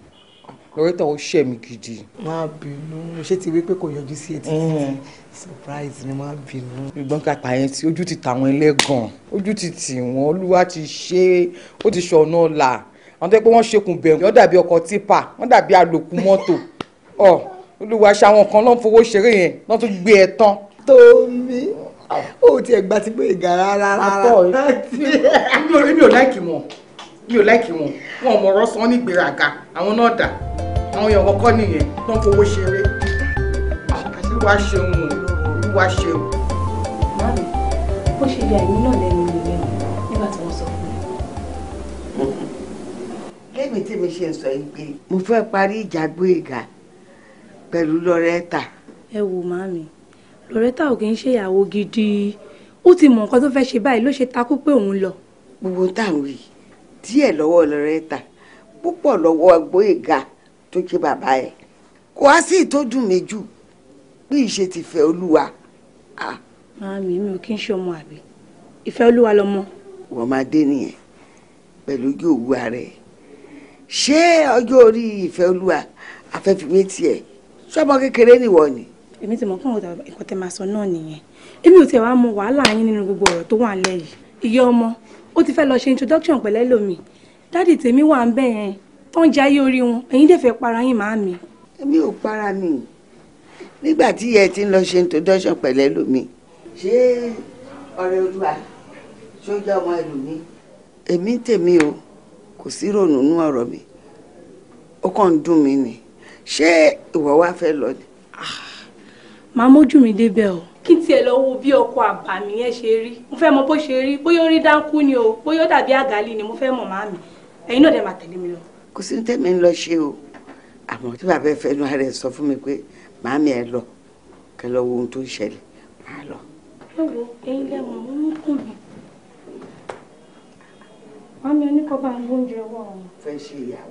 Speaker 2: lọ́rẹ́tà ó ṣẹ̀ mí gidi. má bínú ṣé ti rí pé kò yọjú sí etí títí surprise ni má bínú. ìgbọ́n kàtà yẹn tí ojú ti tàwọn ẹlẹ́gàn ojú ti tì wọ́n olúwa ti ṣe é ó ti ṣọ̀nà ọ̀la àwọn tó yẹ pé wọ́n ṣekùn bẹ̀rù wọ́n dàbí ọkọ̀ típà wọ́n dàbí àlòkù mọ́tò ọ̀ olúwa ṣe àwọn kan náà fowó ṣeré yẹn náà tún gbé ẹ tán. tómi ah. ó tiẹ̀ gba ti gbé ìgà rárá rárá. mi ò láìkì wọn mi ò láìkì wọn wọn ò mọ̀rọ̀ sọ ní gbéraga àwọn náà dà àwọn èèyàn kọ́kọ́ nìyẹn náà fowó ṣeré olúwa ṣeun olúwa ṣeun.
Speaker 6: bó ṣe yà ìlú náà lẹ́nu nìyẹn nígbà tí wọ́n
Speaker 2: sọ fún mi. lẹ́gbẹ̀ẹ́ mi ṣe ń sọ yìí pé mo fẹ́ parí ìjà gbé ìgà pẹ̀lú Loretta.
Speaker 6: ẹ wò màmí Loretta ò kì í ṣèyàwó gidi ó ti mọ nǹkan tó fẹ́ ṣe báyìí ló ṣe takú pé òun lọ. gbogbo táwọn yìí
Speaker 2: díẹ̀ lọ́wọ́ Loretta púpọ̀ lọ́wọ́ Gbóyèga tó jẹ́ bàbá ẹ̀ kò á sí ìtọ́dún mi jù bí ìṣe ti fẹ́ olúwa.
Speaker 6: màmí mi ò kí ń ṣọmọ àbí
Speaker 2: ìfẹ́ olúwa lọmọ. wọ́n máa dé nìyẹn pẹ̀lú ojú òwúwa rẹ̀ ṣé ọjọ́ orí ìfẹ́ olúwa
Speaker 6: afẹ́fíwé tiẹ̀ ṣọ́mọ kékeré nìwọ ni. èmi ti mọ̀ pé àwọn nǹkan tẹ máa sọ náà nìyẹn èmi ò tiẹ̀ wá mọ wàhálà yín nínú gbogbo ọ̀rọ̀ tó wà nílẹ̀ yìí ìyá ọmọ ó ti fẹ́ lọ ṣe introduction pẹ̀lẹ́ lómi dáàdì tèmi wà ń bẹ̀ yẹn tó ń jayé orí wọn ẹ̀yin dẹ̀ fẹ́ para yín màá mi.
Speaker 2: èmi ò para mi nígbà tí ìyá ẹ ti ń lọ ṣe introduction pẹ̀lẹ́ lómi ṣé ọ̀rẹ́ olúwa ṣó jẹ́ ọmọ ẹlòmíì èmi tèmi o kò sí ronú nú mi ó kàn ń dùn mí ni ṣé ìwọ wá fẹ́ lọ ni. Ah,
Speaker 6: màá mójú mi débẹ̀ o. kí n tiẹ̀ lọ wo bí ọkọ̀ àbàmì yẹn ṣe rí mo fẹ́ mọ bó ṣe rí bóyá ó rí dáńkú ni o bóyá ó dàbí àgálì ni mo fẹ́ mọ̀ máa mi ẹ̀yin náà dẹ̀ máa tẹ̀lé mi lọ.
Speaker 2: kò sí ní tẹ́mi ń lọ ṣe o àmọ́ tí bàbá ẹ fẹ́nu ara ẹ sọ fún mi pé màámi ẹ lọ kẹ lọ wo ohun tó ń ṣẹlẹ̀ máa lọ.
Speaker 6: ẹ wo ẹ̀yin lẹ́mọ̀ mo ń kùn mí màámi oníkọ́ bá ń gbóúnjẹ
Speaker 2: wọ̀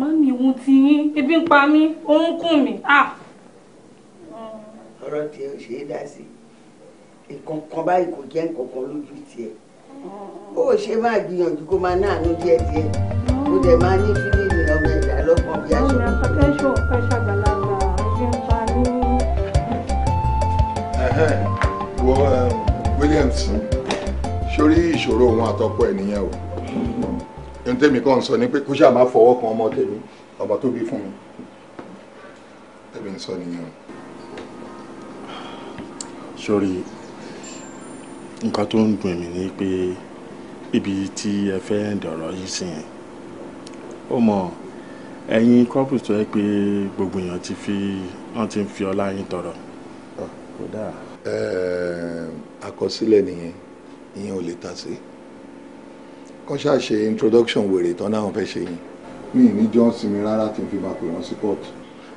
Speaker 6: Mami ìwọ̀n ti yín, ebi ń pa mí, ó ń kùn mí. Ah!
Speaker 2: Ọ̀rọ̀ tiẹ̀ ò ṣe é dá sí. Nǹkan kan báyìí kò jẹ́ nǹkan kan lójú tiẹ̀. Ó ṣe máa gbìyànjú kó máa náànú díẹ̀ díẹ̀. Mo dẹ̀ máa ní fílíìmù ọmọ ẹ̀dá lọ́kàn bí aṣọ. Mami àfẹ́fẹ́ṣọ̀ fẹ́ ṣàgbàlagbà,
Speaker 1: ebi ń pa mí. Wọ um, Williams, sórí ìṣòro òun àtọ́kọ ẹ̀ nìyẹn o ní tèmi kàn sọ ni pé kó ṣáà má fọwọ́ kan ọmọ tèmi ọmọ tó bí fún mi tèmi ń sọ nìyẹn.
Speaker 4: sórí nǹkan tó ń dùn mí ni pé ibi tí ẹ fẹ́ dọ̀rọ̀ yìí sí yẹn ó mọ̀ ẹ̀yin couples tó yẹ pé gbogbo èèyàn ti fi wọ́n ti ń fi
Speaker 1: ọlá yín tọrọ. Ah, kódà. àkọsílẹ̀ nìyẹn ìyẹn ò lè ta sí i kán ṣáà ṣe introduction wèrè tán náà wọ́n fẹ́ ṣe yín. mi ì ní jọ́ sinmi rárá tí n fi máa pè wọ́n sí court.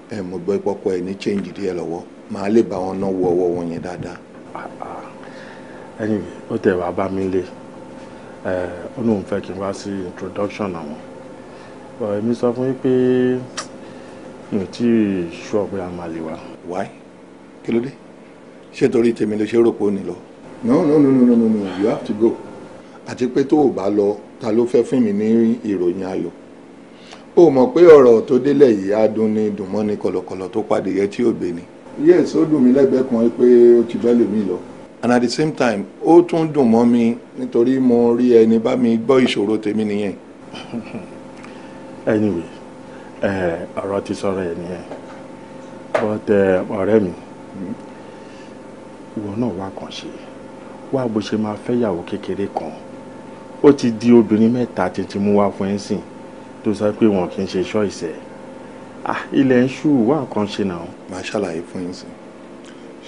Speaker 1: ẹ mo gbọ́ ìpọ́kọ ẹ ní change díẹ̀ lọ́wọ́ màá lè bá wọn náwó ọwọ́ wọn yẹn dáadáa. ẹyin ah, ah. ó
Speaker 4: tẹ̀ wá bá mi lé ẹ ó lóun fẹ́ kí n wá sí introduction àwọn èmi sọ fún yín pé mi ò tí ì ṣú ọ̀pẹ àmàlè wa.
Speaker 1: why kí ló dé ṣé torí tèmi ló ṣe rò pé ó ní no no no no no no you have to go àti pé tó o bá lọ ta ló fẹ́ fún mi ní ìròyìn ayọ̀ o mọ̀ pé ọ̀rọ̀ tó délẹ̀ yìí á dùn ní dùnmọ́ ní kọ̀lọ̀kọ̀lọ̀ tó padì yẹ tí ò gbé ni. yes ó dùn mí lẹ́gbẹ̀ẹ́ kan pé ó ti bẹ́ẹ̀ lè mí lọ. and at the same time ó tún dùn mọ́ mi nítorí mo rí ẹni bá mi gbọ́ ìṣòro tèmi nìyẹn. anyway
Speaker 4: ọ̀rọ̀ ti sọ̀rọ̀ ẹ̀ nìyẹn but ọ̀rẹ́ mi hmm? ìwọ náà wá kàn ṣe wá bó ṣe máa fẹ́ kékeré kan ó ti di obìnrin mẹ́ta títí mú wá fún ẹ̀sìn tó sọ pé wọn kì í ṣe ṣọ́ ìṣẹ́ ilẹ̀ ń ṣú wá nǹkan ṣe náà. màá ṣàlàyé
Speaker 1: fún yín sí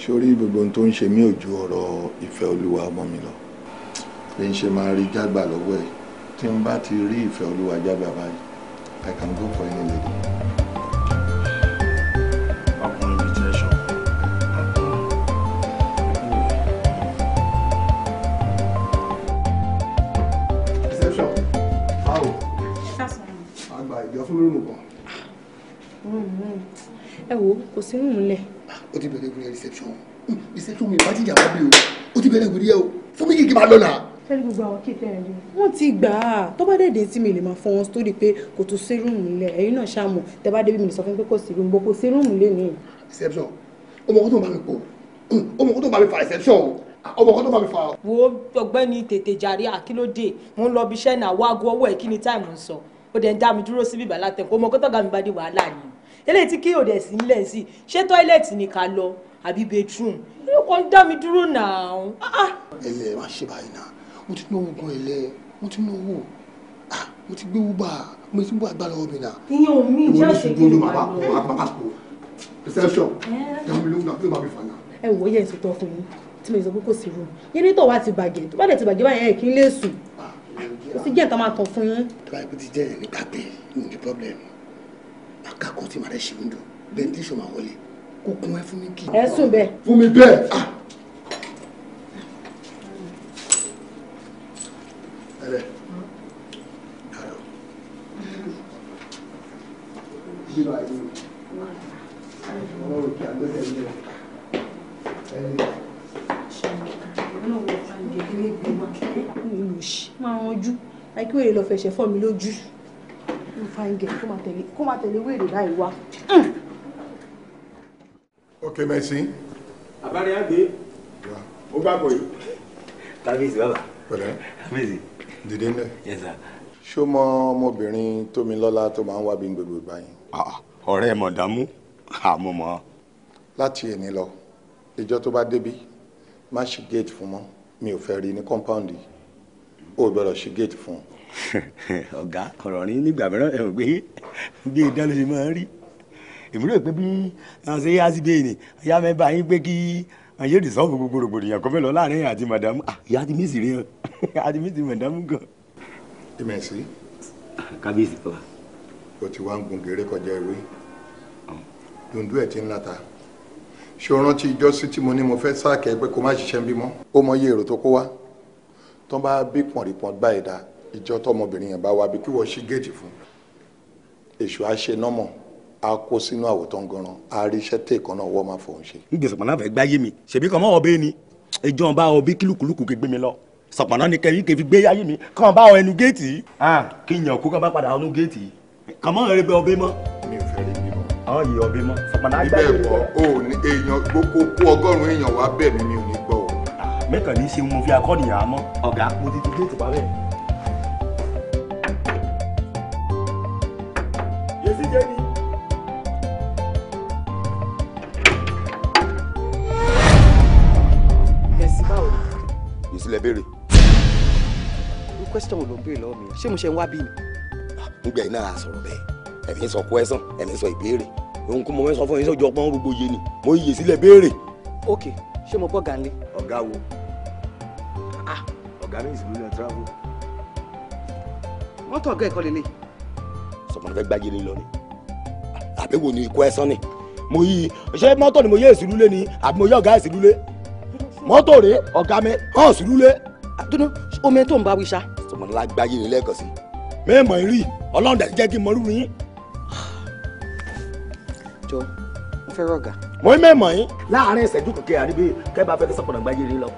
Speaker 1: sórí gbogbo ohun tó ń ṣe mí ò ju ọ̀rọ̀ ìfẹ́ olúwa ọmọ mi lọ bí n ṣe máa rí jágbà lọ́wọ́ ẹ̀ tí n bá ti rí ìfẹ́ olúwa jágbà báyìí I can go for any lady. rúùmù kan.
Speaker 6: Ah, ẹ wo kò sí rúùmù lẹ.
Speaker 2: Ah, ó ti bẹ̀rẹ̀ ìwúrẹ́ reception hmm, reception mi ìbájú ìyàwó bí o ó ti bẹ̀rẹ̀ ìwúrẹ́ o
Speaker 6: fún mi kìkì máa lọ́nà. fẹ́ẹ́ gbogbo àwọn kéèké rẹ̀ lé. wọ́n ti gbà á tó bá dẹ̀dẹ̀ tí mi lè máa fọ wọn sórí pé kò tún sí rúùmù lẹ ẹ̀yin náà ṣàmù tẹ bá débi mi sọ fún pé kò sí rúùmù bó kò sí rúùmù lé mi. reception
Speaker 1: ọmọ kó tó bá mi pò ọmọ kó tó bá mi fà reception
Speaker 2: o ọmọ kan tó bá mi fa. wo
Speaker 6: ọ̀gbẹ́ni tètè jàre àkílódé mo ń lọ bí iṣẹ́ náà wá aago ọwọ́ ẹ̀ kí ni táìmù ń sọ ó dẹ̀ ń dá mi dúró síbi ìbàlá tẹ̀ kó mọ kó tọ́gà mi bá dé wàhálà ni eléyìí tí kí ò dẹ̀ sí nílẹ̀ sí ṣé tọ́ílẹ̀tì ni ká lọ àbí bedroom inú kan dá mi dúró náà. Ah,
Speaker 3: ah. ẹlẹ má ṣe báyìí
Speaker 2: náà mo ti ní oògùn ẹlẹ mo ti ní owó ah, mo ti gbé wúbà mo ti gbé
Speaker 1: àgbà lọ́wọ́ mi náà.
Speaker 6: ìyẹn ò mí ìjà ṣe kí n máa lọ.
Speaker 1: Eh.
Speaker 6: ẹ wò ó yẹ ìsòtọ́ fún yín tí mo sọ pé kò sí room yẹn ní tọ́wọ́ àti bàjẹ́ tó bá dẹ̀ ti bàjẹ́ báyẹn kí n lè sùn ó sì jẹ́ nǹkan máa tàn fún yín.
Speaker 3: tó bá yẹ kó ti jẹ́ yẹn nígbà pé mo ní problem àká kan tí màá rẹ̀ ṣe wíńdò ventilation máa wọlé
Speaker 6: kó kun ẹ
Speaker 1: fún mi
Speaker 3: kí.
Speaker 6: ẹ sùn bẹ́ẹ̀.
Speaker 1: fún mi bẹ́ẹ̀. ẹlẹ dàrọ
Speaker 2: ọlọ́run kí a gbẹ́sẹ̀
Speaker 1: lé ẹ
Speaker 6: olùsí máa ranjú akíwèrè lọ fẹsẹ̀ fọ́ mi lójú ń fa ń gẹ̀ kó máa tẹ̀lé wèrè báyìí wá.
Speaker 1: ok merci.
Speaker 3: àbárí àgbé ó gbàgbọ́ yìí. kábíyèsí
Speaker 1: bàbá. pẹ̀lẹ́ kábíyèsí. dìde ńlẹ̀. yes sir. ṣó mọ ọmọbìnrin tómilọ́lá tó máa ń wá bí gbogbo ìgbà yẹn. Ah, ọ̀rẹ́ mọ̀dámú àmọ́ mọ́. láti èní lọ ìjọ tó bá débi má ṣe géètì fún mọ́ mi ò fẹ́ rí ní compound yìí ó gbọ́dọ̀ ṣí gate fún
Speaker 3: un.
Speaker 1: ọ̀gá ọ̀rọ̀ rí nígbà mìíràn ẹ̀
Speaker 3: pé bí ìdánilò ṣe máa ń rí èmi rò pé bí ṣe yá sí bẹ́ẹ̀ ni ìyá mẹ́bàá yín pé kí ayé ìdìsọ́ọ̀bù gbogbo rògbòdìyàn kọ́mẹ́ lọ láàrin àti màdàmú ah, ìyá ti mí sì rí ìyá ti mí sì màdàmú gan.
Speaker 1: ìmẹ̀sí. kábíyèsí bàbá. o ti wá ń gun gèrè kọjá ewé dundun ẹ̀ ti ń láta ṣé o rántí ìjọsí tí mo ní mo fẹ́ sáàkì ẹgbẹ́ kó má ṣiṣẹ́ ń bímọ ó mọ iye èrò tó kó wá tó bá bí pọ̀nrìpọ̀n gbá ẹ̀dá ìjọ tọmọbìnrin yẹn bá wá bí kí wọ́n ṣí géètì fún èṣù á nọ́mọ̀ á kó sínú àwòtán ganan á rí iṣẹ́ tẹ̀ kan náà wọ́n máa fòun ṣe.
Speaker 3: ń gbèsè pọ̀nà fẹ́ gbáyé mi ṣèbí kan mọ́ ọbẹ̀ ni ìjọ bá ọ bí kílùkùlùkù kì í gbé mi lọ sọ̀pọ̀nà ni kẹ́yìn kẹ́fi gbé ayé mi kàn bá ọ ẹnu géètì. Ah, kí n yàn kú kàn bá padà ọnu géètì kàn mọ́ ẹrẹ́bẹ̀ ọbẹ̀ mọ́. mi ò fẹ́ rí i hàn yìí ọbẹ̀ mọ́. ibẹ̀ kọ́ o ní èèyàn gbogbo kó ọgọ́rùn-ún èèyàn wá bẹ̀ mí mi ò ní gbọ́ o. Ah, mẹ́kàn ní í ṣe mo fi akọ́nìyàn á mọ́. ọ̀gá mo ti ti dé ìtùpá bẹ́ẹ̀. yéésì jẹ́ ni. ẹ̀sìn báwo ni. lẹ béèrè.
Speaker 2: irú question wo ló ń béèrè lọ́wọ́ mi ṣé mo ṣe ń wá bí ni.
Speaker 3: Ah, nígbà yìí náà a sọ̀rọ̀ bẹ́ẹ̀ ẹ̀mí sọ kwẹ́sán ẹ̀mí sọ ìbéèrè òun kò mọ̀ mẹ́ sọ fún yín sọ́jọ́ pọ́n gbogbo yé ni mo yè sílẹ̀ béèrè. ok ṣé mo bọ́ gànlé. ọ̀gá wo ah. ọ̀gá mi ìsìnkú náà travel. wọ́n tọ̀ ọ̀gá ẹ̀kọ́ lélẹ̀. sọ̀mọ́nà fẹ́ gbájé lé lọ ni àbí wo ni ikú ẹ sán ni mo yí ṣé mọ́tò ni mo yé ìsìnkú lé ni àbí mo yé ọ̀gá ìsìnkú lé mọ́tò rèé ọ̀gá mi hàn ìsìnkú lé. dunu omi tó ń bá wí sa. sọ̀mọ́nà lágbáyé ni lẹ́ẹ̀kan sí mẹ́ẹ̀mọ̀ rí ọlọ́run jẹ́ kí n mọ yín jọ mo fẹ́ rọ̀gà. mo ń mẹ́mọ̀ yín. láàárín ìṣẹ́jú kẹ̀kẹ́ àríbí kẹ́ bá fẹ́ kí sọ́kọ̀nà gbájú rí lọ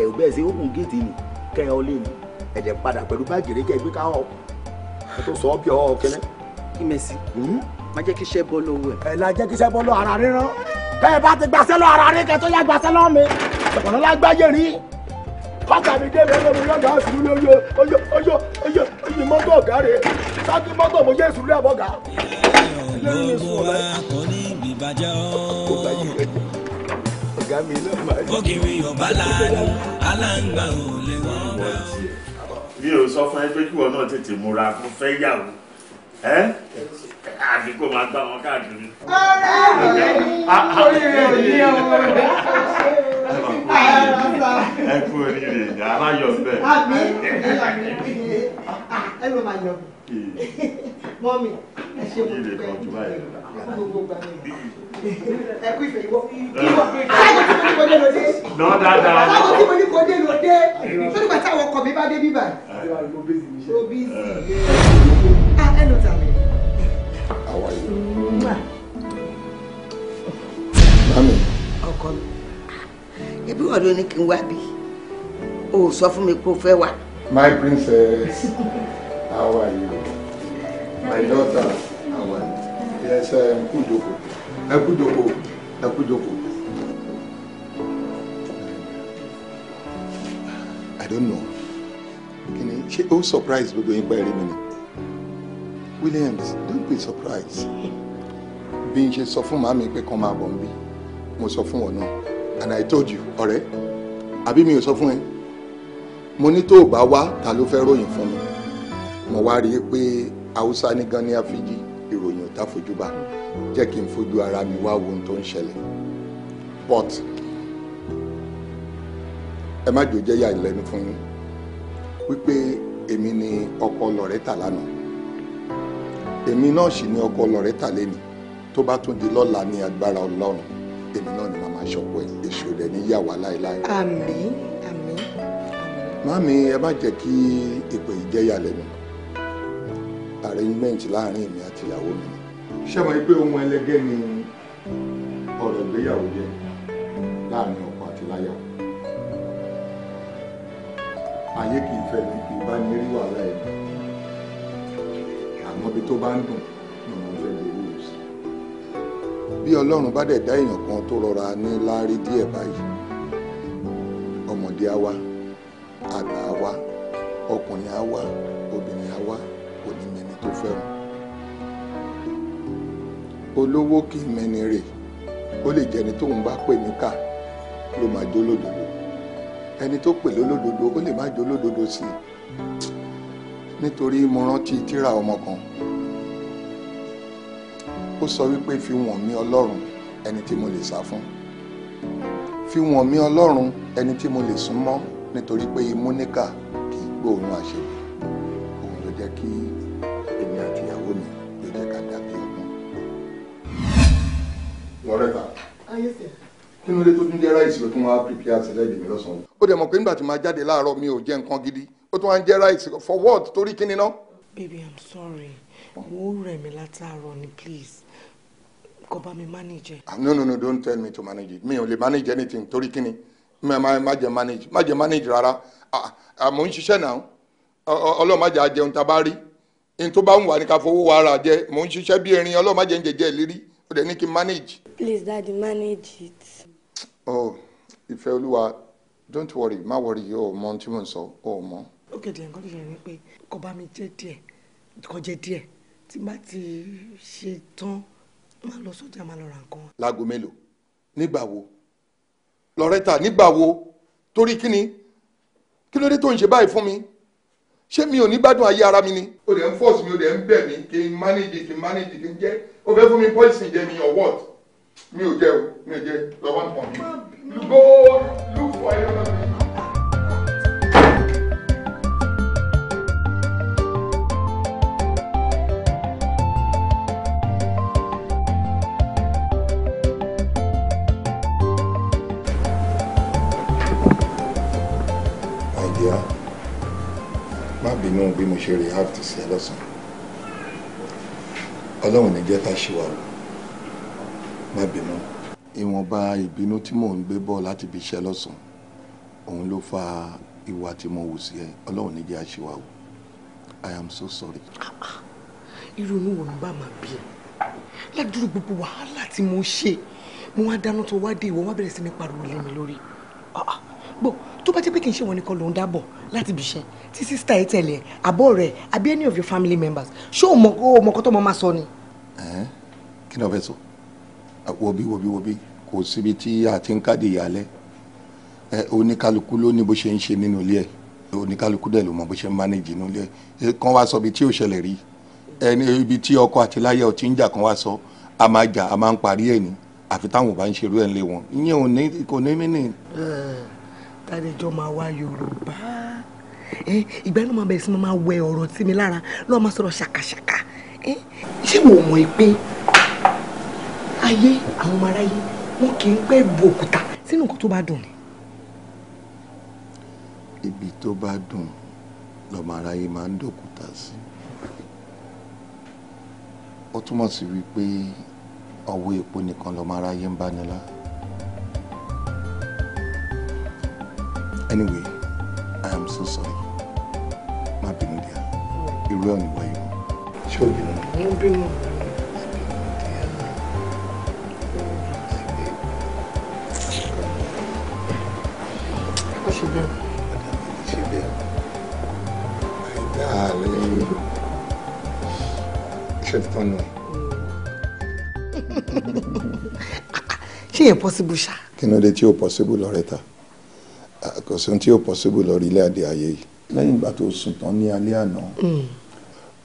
Speaker 3: ẹ̀ ò bẹ́ẹ̀ sí ogun géètì ni kẹ́ ẹ ọlé ni ẹ̀jẹ̀ padà pẹ̀lú báàgì rẹ̀ kẹ́ ẹ gbé ká ọ̀ ẹ tó sọ ọ́ bí ọ kẹlẹ́. ìmẹ̀sì hmm? má jẹ́ kí iṣẹ́ bọ́ lọ́wọ́ ẹ̀. ẹ̀ la jẹ́ kí iṣẹ́ bọ́ lọ ara ríran kẹ́ ẹ bá ti gbàṣẹ́ lọ ara rí kẹ́ tó yá gbàṣẹ́ lọ́ mi sọ̀kọ̀nà lágbájẹ́ rí kọ́tà mi dé bẹ́ẹ̀ lórí ọ̀gá àṣírí lórí ọjọ́ ọjọ́ ọjọ́ ìyìn mọ́tò ọ̀gá rẹ̀ sáájú mọ́tò mo jẹ́ ìṣúlẹ̀ ọ̀gá gbogbo wa kò ní ìbàjẹ́ ọ́.
Speaker 4: ògiri ọba láàánú aláǹgbá ò lè wọ́n bá ọ́. mi ò sọ fún ẹ pé kíwọ náà tètè múra fún fẹ́ yàwó ẹ àbí kó máa gbá wọn káàkiri.
Speaker 2: ọ̀rẹ́ rẹ̀ oríire ò ní ọmọ rẹ̀ ẹ kú oríire
Speaker 4: ìyá aláyọ̀ bẹ́ẹ̀. àbí
Speaker 2: ẹ lọ máa yọ̀ mọ́mì ẹ ṣe mo dúpẹ́ fún gbogbo gbà mí ẹ kú ìfẹ́ ìwọ ìwọ aláwọ̀ tí mo ní kò dé lóde aláwọ̀ tí mo ní kò dé lóde sórí bàtà àwọn ọkọ̀ mi bá dé bíbà robinson ah ẹ lọ tàbí. mami. ọkọ mi ah, ebi wọn ló kí n wá bí o sọ fún mi pé o fẹ́ wá.
Speaker 1: my princess how are you my daughter àwọn yes ẹ kú joko ẹ kú I don't know Can you? She ó oh, surprised we're going by rí Williams don't be surprised bí she ṣe sọ fún màmí pé kàn máa bọ̀ ń no? and I told you ọ̀rẹ́ àbí mi ò sọ fún ẹ mo ní tó o bá ta ló fẹ́ ròyìn fún mi mo wá rí i haúsá ní gan ní àfíjì ìròyìn ò tá fojú bá jẹ́ kí n fojú ara mi wá wo ohun tó ń ṣẹlẹ̀ but ẹ má jò jẹ́ yà lẹ́nu fún yín wípé èmi ni ọkọ Loretta lánàá èmi náà sì ni ọkọ Loretta lẹ́nu tó bá tún di lọ́la ní agbára ọlọ́run èmi náà ni màmá ṣọpọ̀ èṣù rẹ̀ ní yà wá láéláé.
Speaker 2: àmín àmín.
Speaker 1: màmí ẹ má jẹ́ kí èpè yìí jẹ́ yà lẹ́nu arrangement láàrin èmi àti ìyàwó mi. ṣé mo rí pé ohun ẹlẹgẹ́ ni ọ̀rọ̀ ìgbéyàwó jẹ́ láàrin ọkọ àti láyà ayé kì í fẹ́ ní ìbánirí wàhálà ẹ̀ àmọ́ bí tó bá ń dùn ni mo fẹ́ lè rí òsì. bí ọlọ́run bá dẹ̀ dá èèyàn kan tó rọra ní láárí díẹ̀ báyìí ọmọdé á wá àgbà á wá ọkùnrin á wá tó fẹ́ mu olówó kì í mẹni rè ó lè jẹni tóun bá pè níkà ló máa jó lódodo ẹni tó pè lólódodo ó lè má jó lódodo sí i nítorí mo rántí tírà ọmọ kan ó sọ wípé fi wọ̀n mí ọlọ́run ẹni tí mo lè sá fún fi wọ̀n mí ọlọ́run ẹni tí mo lè sún mọ́ nítorí pé imú níkà kì í gbóòórùn àṣẹ. kí ló tó dín dé ráìsì rẹ tó máa pèpè àtìlẹyìn mi lọ́sàn-án. ó dẹ̀ mọ̀ pé nígbà tí màá jáde láàárọ̀ mi ò jẹ́ nǹkan gidi ó tún wá ń jẹ́ ráìsì for what torí kí ni ná.
Speaker 2: baby i'm sorry mo rẹ̀ mí látàárọ̀ ni please kò bá mi manage.
Speaker 1: Ah, no no no don't tell me to manage it mi ò lè manage anything torí kí ni má jẹ manage má jẹ manage rárá ah, ah mo ń ṣiṣẹ́ náà ọlọ́mọdé àjẹun tá a bá rí n tó bá ń wà ní ká fowó wàrà jẹ mo ń ṣiṣẹ́ bí erin ọlọ́mọdé ń jẹjẹ ìlérí ó dẹ̀ ní kí n manage.
Speaker 6: please daddy manage it oh ìfẹ́ olúwa
Speaker 1: don't worry ma worry o ò mọ ohun tí mò ń sọ o ò mọ.
Speaker 2: ó kéde nǹkan tó ṣe ni pé kó bá mi jẹ díẹ̀ kó jẹ díẹ̀ tí má ti ṣe tán máa lọ sọ́jà máa lọ ra nǹkan.
Speaker 1: láago mélòó nígbà wo lọ́rẹ́ta nígbà wo torí kí ni kí ló dé tó ń ṣe báyìí fún mi ṣé mi ò ní gbádùn ayé ara mi ni. o dẹ̀ ń force mi o dẹ̀ ń bẹ̀ mí kí n manage kí n manage kí n jẹ́ o fẹ́ fún mi poison jẹ mi or what mi ò jẹ́ o mi ò jẹ́ lọ wá nǹkan mi you go look for another thing. bínú bí mo ṣe react sí ẹ lọ́sàn-án ọlọ́run ní jẹ́ tá ṣe wà lọ má ìwọ̀nba ìbínú tí mò ń gbé bọ̀ láti fi ṣẹ́ lọ́sàn-án òun ló fa ìwà tí mo wù sí ẹ ọlọ́run ní jẹ́ i am so sorry.
Speaker 2: irú inú wo ló bá máa bí ẹ ládùúgbò gbogbo wàhálà tí mo ṣe mo wá dáná tó wá dé ìwọ wá bẹ̀rẹ̀ sí ní pariwo lé mi lórí ah, ah. gbọ́ tó bá jẹ́ pé kì í ṣe wọn nìkan ló dábọ̀ láti ibi iṣẹ́ tí sísítà ẹ tẹ̀lé ẹ àbọ̀ rẹ àbí any of your family members ṣé o mọ̀ kó o mọ̀ kó tó mọ̀ máa sọ ni.
Speaker 1: kí ni o fẹ́ sọ wọ̀bí kò síbi tí a ti ń káàdì ìyálẹ̀ ẹ oníkálukú ló ní bó ṣe ń ṣe nínú ilé ẹ oníkálukú dẹ̀ ló mọ bó ṣe ń mánéjì nínú ilé ẹ kàn wá sọ ibi tí ò ṣẹlẹ̀ rí ẹni ibi tí ọkọ àti láyé ọtí ń jà kàn wá sọ a máa jà a máa ń parí ẹ̀ ní àfi táwọn ò bá ń ṣerú ẹ̀ ń lé wọn ìyẹn ò ní kò ní mí nì.
Speaker 2: tàdéjọ́ máa wá Yorùbá ìgbà inú máa bẹ̀rẹ̀ sí máa wẹ ọ̀rọ̀ sí mi lára lọ́ọ́ máa sọ̀rọ̀ ṣàkàṣàkà ṣé wò mọ̀ pé ayé àwọn ọmọ aráyé wọn kì í pẹ́ bu òkúta sínú nǹkan tó bá dùn ni.
Speaker 1: ibi tó bá dùn lọmọ aráyé máa ń dòkúta sí ó túmọ̀ sí wípé ọwọ́ epo nìkan lọmọ aráyé ń bá nílá. anyway i am so sorry má bínú díẹ̀ irú ẹ̀ níwáyé ṣé o bínú. mo bínú. twelve tán nù.
Speaker 2: ṣé yẹn possible ṣá.
Speaker 1: kí ló dé tí ó possible lọ rẹ ta kò sí ohun tí ó possible lọ rí ilé adé ayé yìí lẹ́yìn ìgbà tó sùn tán ní alẹ́ àná hmm.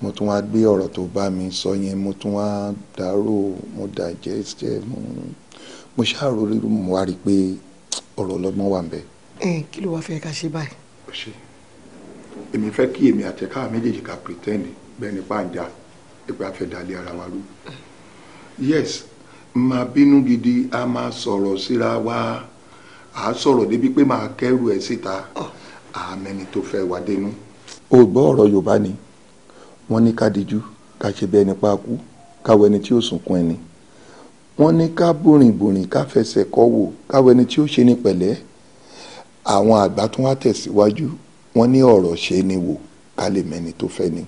Speaker 1: mo tún wá gbé ọ̀rọ̀ tó bá mi sọ yẹn mo tún wá dàrò mo digest ẹ mo mo ṣàrò rírú mo wá rí i pé ọ̀rọ̀ ọlọ́gbọ́n wà ń bẹ.
Speaker 2: kí ló wàá fẹ́ ká ṣe
Speaker 1: báyìí. èmi fẹ́ kí èmi àtẹ̀ká méjèèjì ká pretend bẹ́ẹ̀ ni pàǹjà ìpè àfẹ́dálé ara wa rú yes máa bínú gidi a máa sọ̀rọ̀ síra wa a á sọ̀rọ̀ débi pé máa kẹ́rù ẹ̀ síta àmẹ́ni tó fẹ́ wá dénú. o gbọ́ ọ̀rọ̀ yorùbá ni wọ́n ní ká dijú ká ṣe bí ẹni pa kú káwọ ẹni tí ó sunkún ẹni wọ́n ní ká bùrìnbùrìn ká fẹsẹ̀ kọ́ wò káwọ ẹni tí ó ṣe ní pẹ̀lẹ́ àwọn àgbà tún wá tẹ̀síwájú wọ́n ní ọ̀rọ̀ ṣe ni wò ká lè mẹ́ni tó fẹ́ ni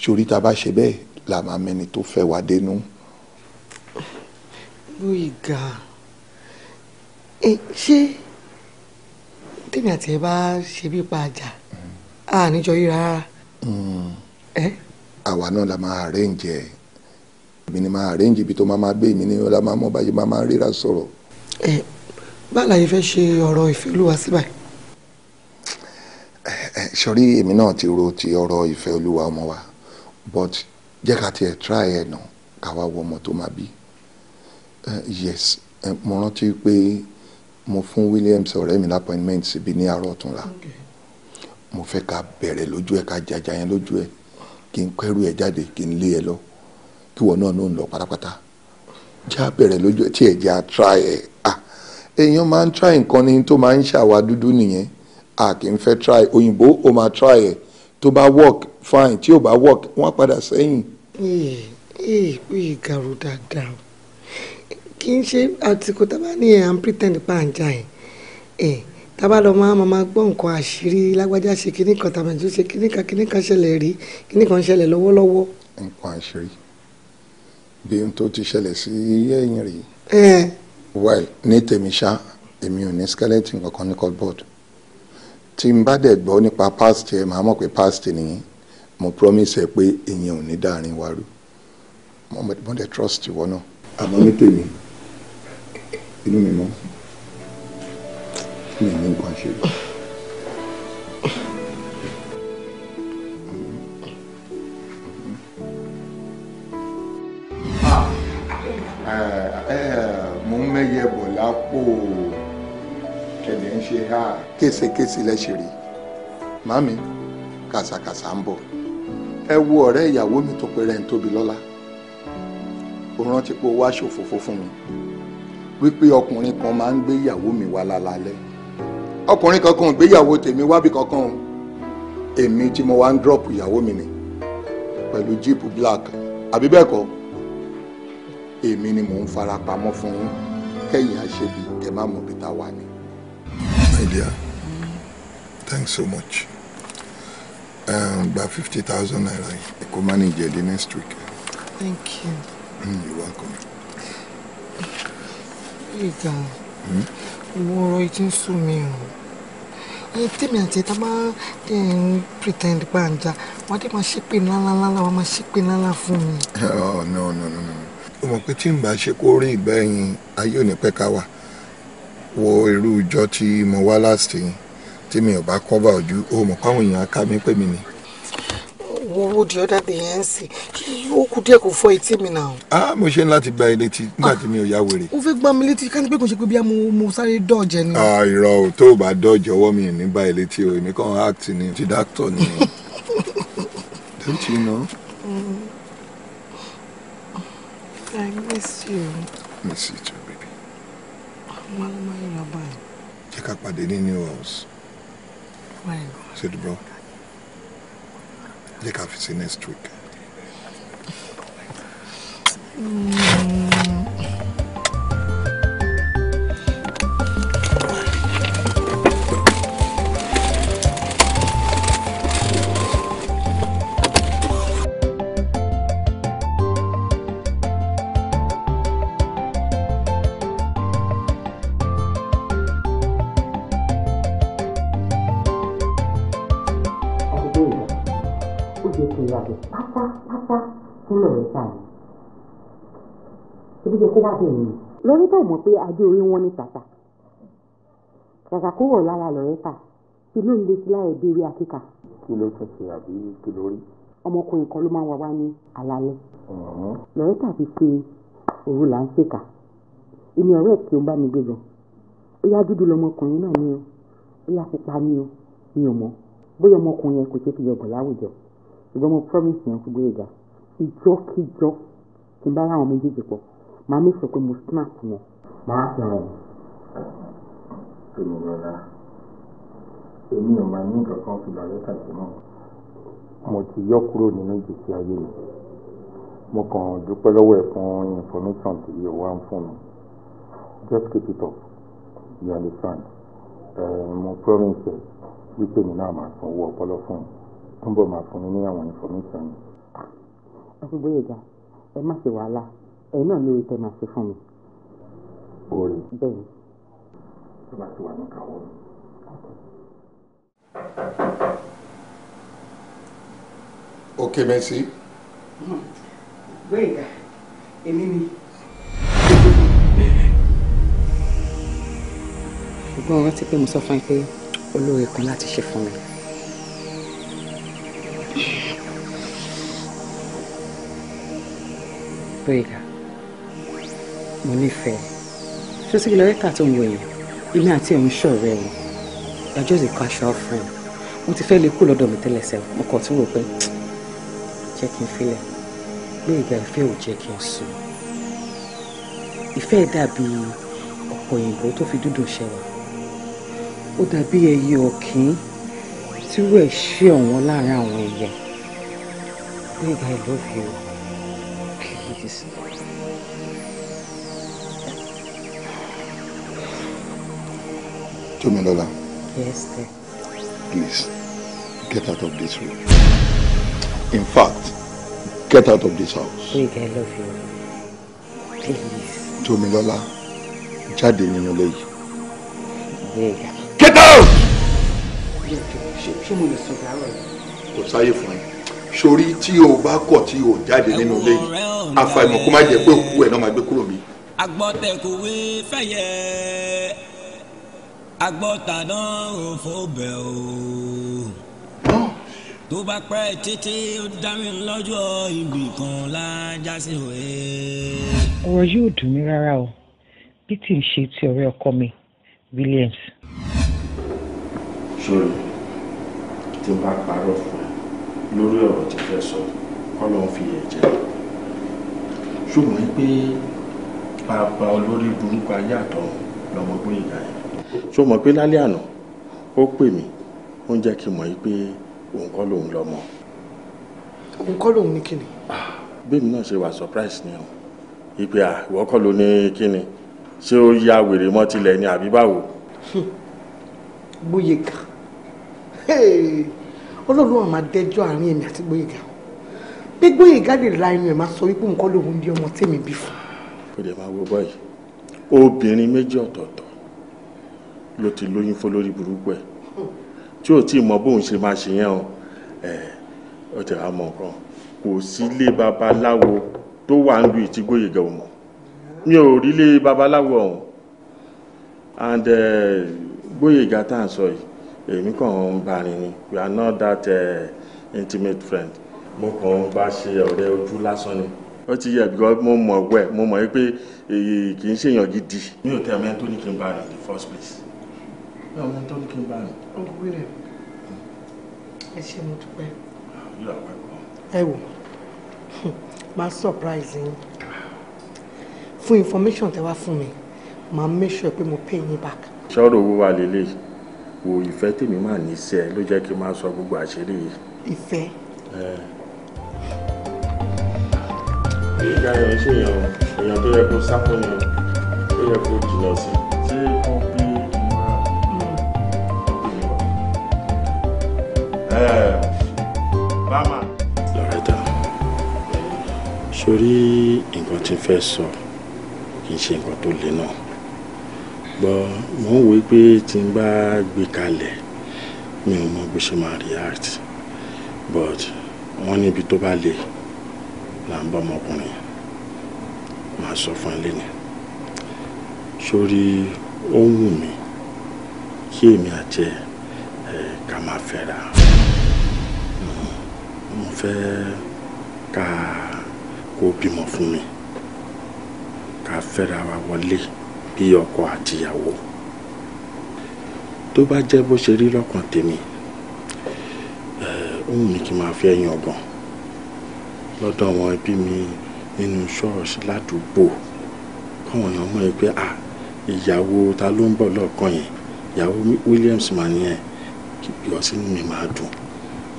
Speaker 1: sórí tá bá ṣe bẹ́ẹ̀ la máa mẹni tó fẹ́ wá dénú.
Speaker 2: Bóyìgà ṣé tèmi àti ẹ bá ṣe bí pa àjà a níjọ yìí rárá. Hmm.
Speaker 1: àwa náà la máa arrange ẹ̀ èmi ni máa arrange ibi tó máa máa gbé èmi ni la máa mọ báyìí máa máa ríra sọ̀rọ̀.
Speaker 2: ẹ báàlà yìí fẹ́ ṣe ọ̀rọ̀ ìfẹ́lúwa síbàá.
Speaker 1: sọrí èmi náà ti ro ti ọ̀rọ̀ ìfẹ́ olúwa ọmọ wa but jẹ́ ká tiẹ̀ try ẹ̀ nà ká wá wo ọmọ tó máa bí uh, yes mo rántí pé mo fún Williams ọ̀rẹ́ mi l'appointment síbi ní àárọ̀ la mo fẹ́ ká bẹ̀rẹ̀ lójú ẹ̀ ká jàjà yẹn lójú ẹ̀ kí n kẹ́rù ẹ̀ jáde kí n lé ẹ lọ kí wọ́n náà ló ń lọ pátápátá já bẹ̀rẹ̀ lójú ẹ̀ tí ẹ̀ já try ẹ̀ ah èèyàn máa ń try nǹkan ni tó máa ń ṣàwà dúdú nìyẹn a kì í fẹ́ try òyìnbó ó máa try ẹ̀. E tó bá work fine tí ò bá work wọ́n padà sẹ́yìn.
Speaker 2: ee ee pé ìgàrú dáadáa kì í ṣe àtìkù tá a bá ní ẹ̀ à ń pretend pa à ń jà yẹn ẹ̀ tá a bá lọ máa máa gbọ́ nǹkan àṣírí lágbájá ṣe kíní kan tàbí ṣe kíní kan kíní kan ṣẹlẹ̀ rí kíní kan ṣẹlẹ̀ lọ́wọ́lọ́wọ́.
Speaker 1: nǹkan àṣírí bí n tó ti ṣẹlẹ̀ sí yẹ́yìn rí. well ní tèmi ṣá èmi ò ní skeleton kankan ní cardboard tí n bá dẹ̀ gbọ́ nípa past ẹ̀ màá mọ̀ pé past ni mo promise ẹ pé ìyẹn ò ní dáàrin wa rú mo dẹ̀ trust ìwọ náà. àmọ́ ní tèmi inú mi mọ́ mi ò ní nǹkan ṣe. késekése lẹ́sẹ̀ mami màmí kàsàkàsà ń bọ̀ ẹ wo ọ̀rẹ́ ìyàwó mi tó pẹ́rẹ́ ń tóbi lọ́la ó rántí pé ó wá ṣòfófó fún mi wípé ọkùnrin kan máa ń gbé ìyàwó mi wá lálálẹ́ ọkùnrin kankan ò gbé ìyàwó tèmi wábì kankan o èmi tí mo wá ń drop ìyàwó mi ni pẹ̀lú jeep black àbí bẹ́ẹ̀ kọ́ èmi ni mò ń fara pamọ́ fún kẹ́yìn àṣebi kẹ́ má mọ̀ bí ta wà ní. Hi, dear. Thanks so much. Um, about 50,000 naira. I could manage it the next week. Thank you. Mm, you're welcome.
Speaker 2: Hmm? Ìgbà wo ọ̀rọ̀ yìí ti ń sú mi o. Tèmi àti ẹ̀ta máa to pretend pa àǹjà, wọ́n á dé to ṣépè la la á máa ṣépè ńláńlá fún mi.
Speaker 1: Oh, no, no, no, no. O mọ̀ pé tí n bá ṣe kó be ìgbà ẹ̀yìn ayé ò ní pẹ́ ká wà wo irú ìjọ tí mo wá láti tí mi ò bá kọ́bà ojú ó mọ̀ káwọn èèyàn ká mi pè mí ni.
Speaker 2: wo wo di ọ̀dà tẹ̀ yẹn ń sè ó kú kò fọ etí mi náà.
Speaker 1: a mo ṣe ń láti gba ilé nígbà tí mi ò yá wèrè.
Speaker 2: o fẹ́ gbá mi létí ká ní kò ṣe pé bí
Speaker 1: mo mo sáré dọ́ọ̀jẹ ni. irọ́ o tó o bá dọ́ọ̀jẹ ọwọ́ mi ní bá ilé tí o èmi kàn act ni ti dáktọ̀ ni. don't you know.
Speaker 6: Mm.
Speaker 2: I miss you.
Speaker 1: Miss you too. Check out pàdé ní new house ṣe bro. jẹ́ ká fi sí next week.
Speaker 4: Mm.
Speaker 2: ibi jẹ́ kó wá bẹ̀ yìí lọ́rẹ́tà mọ̀ pé adé orí wọn ní tàtà kàkà kó wọ̀ lára lọ́rẹ́tà tí ló ń lé sí láì béèrè akíkà.
Speaker 1: kí ló tún ṣe àbí kí ló rí.
Speaker 2: ọmọkùnrin kan ló máa ń wá wá ní alalẹ́ lọ́rẹ́tà fi ṣe òru là ń ṣèkà ìní ọ̀rẹ́ kí o bá mi gbé gan ìyá dúdú lọmọkùnrin náà ni o ìyá pupa ni o mi ò mọ̀ bóyá ọmọkùnrin yẹn kò ṣe fi yọgàn láwùjọ ṣùgbọ́n mo promise yẹn fún gbé ìgbà ìjọ́kíjọ́ tí n bá láwọn méjèèjì pọ̀ maame sọ pé mo sún àtúnyẹ. máa sọ ọ
Speaker 1: tèmi rọra èmi ò máa ní kankan fi làlẹ́kà sí náà. mo ti yọ kúrò nínú ìgbésí ayé mi mo kàn dúpẹ́ lọ́wọ́ ẹ̀ fún information tí o wá ń fún mi just keep it up you understand mo promise ẹ wípé mi náà máa san owó ọpọlọ fún un túbọ̀ máa fún mi ní àwọn information yìí.
Speaker 6: àti bóyá ìjà
Speaker 2: ẹ má ṣe wàhálà ẹ̀yin náà lórí tẹ́ máa fome fún mi. orin bẹ́ẹ̀ ni.
Speaker 1: tó bá ok merci.
Speaker 2: bẹ́ẹ̀ ga èmi ni. ṣùgbọ́n mo rántí pé mo sọ fún yín pé olóore kan láti ṣe fún mi. Bóyá mo nífẹ̀ẹ́ ṣó sì lọ rẹ́tà tó ń wọ yìí èmi àti ẹ̀ ṣọ̀rẹ́ ẹ̀ you're just a casual friend mo ti fẹ́ lè kú lọ́dọ̀ mi tẹ́lẹ̀ sẹ́wọ̀n mo kàn tún rò pé jẹ́ kí n filẹ̀ bí ìgbà ìfẹ́ ò jẹ́ kí n sùn ìfẹ́ dàbí ọ̀pọ̀ òyìnbó tó fi dúdú ṣẹwà ó dàbí ẹyẹ ọ̀kín tí wọ́n ẹ̀ ṣí ọ̀wọ́n láàárín àwọn ẹyẹ bí ìgbà I love you.
Speaker 1: Tomilola. Yes, sir. Please, get out of this room. In fact, get out of this house.
Speaker 6: Rick, I love you. Please.
Speaker 1: Tomilola, jáde nínú ilé yìí. Rick. Get out! Kò sáyé fún ẹ. Sori tí o bá kọ̀ tí o jáde nínú ilé yìí, àfàìmọ̀ kó má jẹ́ pé òkú ẹ̀ náà máa gbé kúrò mi.
Speaker 5: Àgbọ̀tẹ̀kùwé fẹ́yẹ̀ agbọ́ta náà ò fọ́bẹ̀ o tó bá pẹ́ títí ó dá mi lọ́jọ́ ibì kan lájà
Speaker 2: sí òwe. ọ̀rọ̀ yóò dùn mí rárá o bí tí ń ṣe ti ọ̀rẹ́ ọkọ mi Williams.
Speaker 1: ṣòro
Speaker 4: tí ó bá parọ́ fún ẹ lórí ọ̀rọ̀ tí fẹ́ sọ ọlọ́run fi yẹ jẹ́ ṣùgbọ́n pé bàbá olórí burúkú ayé àtọ̀ lọ́mọ gbóyè náà ṣó mọ̀ pé lálẹ́ àná ó pè mí ó ń jẹ́ kí n mọ̀ yí pé òun kọ́ lòun lọ́mọ.
Speaker 2: òun kọ́ lòun ní kíni.
Speaker 4: bẹ́ẹ̀mi náà ṣe wà surprise ni o ìpè à ìwọ kọ́ ló ní kíni ṣé ó ya wèrè mọ́ tilẹ̀ ni àbí báwo.
Speaker 2: Gbóyèga ọlọ́run àmà dẹjọ́ àárín èmi àti Gbóyèga bí Gbóyèga lè la inú ẹ̀ máa sọ wípé nǹkan lòun di ọmọ tèmi bí fún.
Speaker 4: ó lè máa wo bọ́yì obìnrin méjì ọ̀tọ̀ọ̀tọ̀ ló ti lóyún fún lórí burúkú ẹ̀ tí ò tí ì mọ bóun ṣe máa ṣe yẹn o ẹ̀ ó ti rà nǹkan kò sílé babaláwo tó wà ń lu ìtìgbóyè gẹ̀ ọ̀mọ̀ mi ò rílé babaláwo ọ̀hún and gbóyèga tá à ń sọ yìí èmi kàn ń bá rìn ni we are not that uh, intimate friend mo kàn ń bá ṣe ọ̀rẹ́ ojú lásán ni ó ti yẹ bíkọ́ mo mọ̀ wẹ̀ mo mọ̀ pé kì í ṣèyàn gidi mi ò tẹ́ mẹ́tò ní kí n bá rìn in the first place mi ò mọ tó ní kí n bá mi.
Speaker 2: owó rẹ ẹ ṣe mo dúpẹ́. ẹ wò máa surprise yín fún information tẹ wá fún me máa make sure pé pay yín back.
Speaker 4: sọ́rọ̀ owó wa lélẹ̀ wo ìfẹ́ tèmi máa ní sí ẹ ló jẹ́ kí n máa sọ Ife. àṣírí yìí. ìfẹ́. ìyá ẹ̀ ṣe èèyàn èèyàn tó yẹ kó sápò yẹn tó yẹ kó jìnnà bàmà. lọ́rẹ́ta sórí nǹkan tí fẹ́ sọ kì í ṣe nǹkan tó le náà gbọ́ mò ń wò pé tí n bá gbé kalẹ̀ mi ò mọ bó ṣe máa react but wọ́n níbi tó bá le là ń bá ọmọkùnrin máa sọ fún ẹ lẹ́nu sórí ó wù mí kí èmi àti ẹ ká máa fẹ́ra fẹ́ ká kó bímọ fún mi ká fẹ́ra wa wọlé bí ọkọ àtìyàwó tó bá jẹ́ bó ṣe rí lọ́kàn tèmi eh, òun ni kí n máa fi ẹyin ọgbọ̀n lọ́dọ̀ àwọn ẹbí mi nínú ṣọ́ọ̀ṣì ládùúgbò káwọn èèyàn mọ̀ pé à ìyàwó ta ló ń bọ̀ lọ́ọ̀kan yẹn ìyàwó Williams mà nìyẹn kí ìyọsí mi máa dùn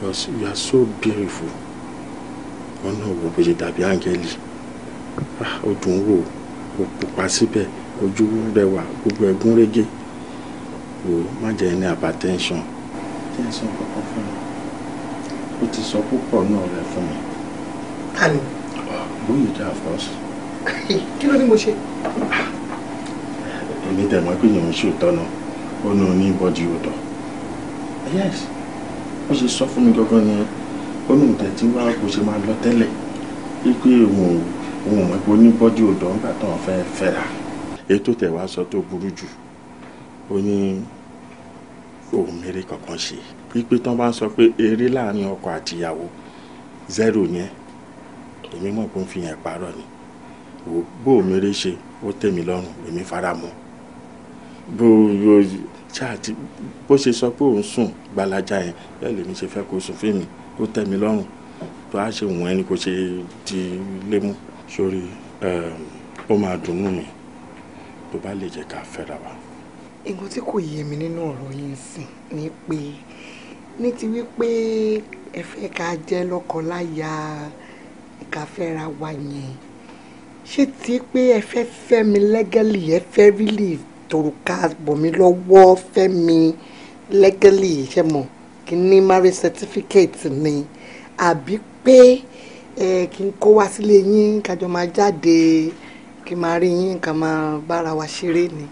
Speaker 4: because you are so beautiful wọn náà wo bèjì tàbí áńgẹ́lì ó ah, dùn wò ó pupa síbẹ̀ ojú rẹwà gbogbo ẹ̀gún régé wò má jẹ́ ní hypertension. tẹ́sán kankan fún mi ó ti sọ púpọ̀ náà rẹ fún mi. tani. bóyá ìjà of course.
Speaker 2: kí ló ní mo ṣe.
Speaker 4: èmi tẹ̀ mọ́ pé yòówù ṣe òótọ́ náà ó nu ní bọ́dí òótọ́. yes bó ṣe sọ fún mi gangan ni ó ní ìtẹ̀ tí wàá kò ṣe máa lọ tẹ́lẹ̀ wípé òun òun mọ̀ pé oníbọ́dí òdò ń gbà tán fẹ́ fẹ́ra ètò tẹ̀wá sọ tó burú jù ó ní òun mèrè kankan ṣe wípé tán bá ń sọ pé eré láàrin ọkọ àtìyàwó zero yẹn èmi mọ̀ pé ó ń fi yẹn parọ́ ni bó o mèrè ṣe ó tẹ̀mí lọ́rùn èmi fara mọ́ bó ṣe sọ pé òun sùn gbalaja yẹn bẹ́ẹ̀ lèmi ṣe fẹ́ kó sùn fèmí kó tẹ́ mi lọ́rùn tó a ṣe wọ̀n ẹni kó ṣe di lémú sórí eh, ó máa dùnnú mi tó bá lè jẹ́ ká fẹ́ra wa.
Speaker 2: nǹkan tí kò yé mi nínú ọ̀rọ̀ yìí sìn ni pé ní ti wípé ẹ fẹ́ ká jẹ́ lọ́kọláya ká fẹ́ra wa yẹn ṣé ti pé ẹ fẹ́ fẹ́ mi lẹ́gẹ́lì ẹ fẹ́ rí lè àtòrùka bọ̀mí lọ́wọ́ fẹ́mi lẹ́gẹ́lì ṣe mọ̀ kí ní marriage certificate ni àbí pé ẹ kí n kó wá sílé yín kájọ máa jáde kí n máa rí yín ká máa bára wa ṣeré ni.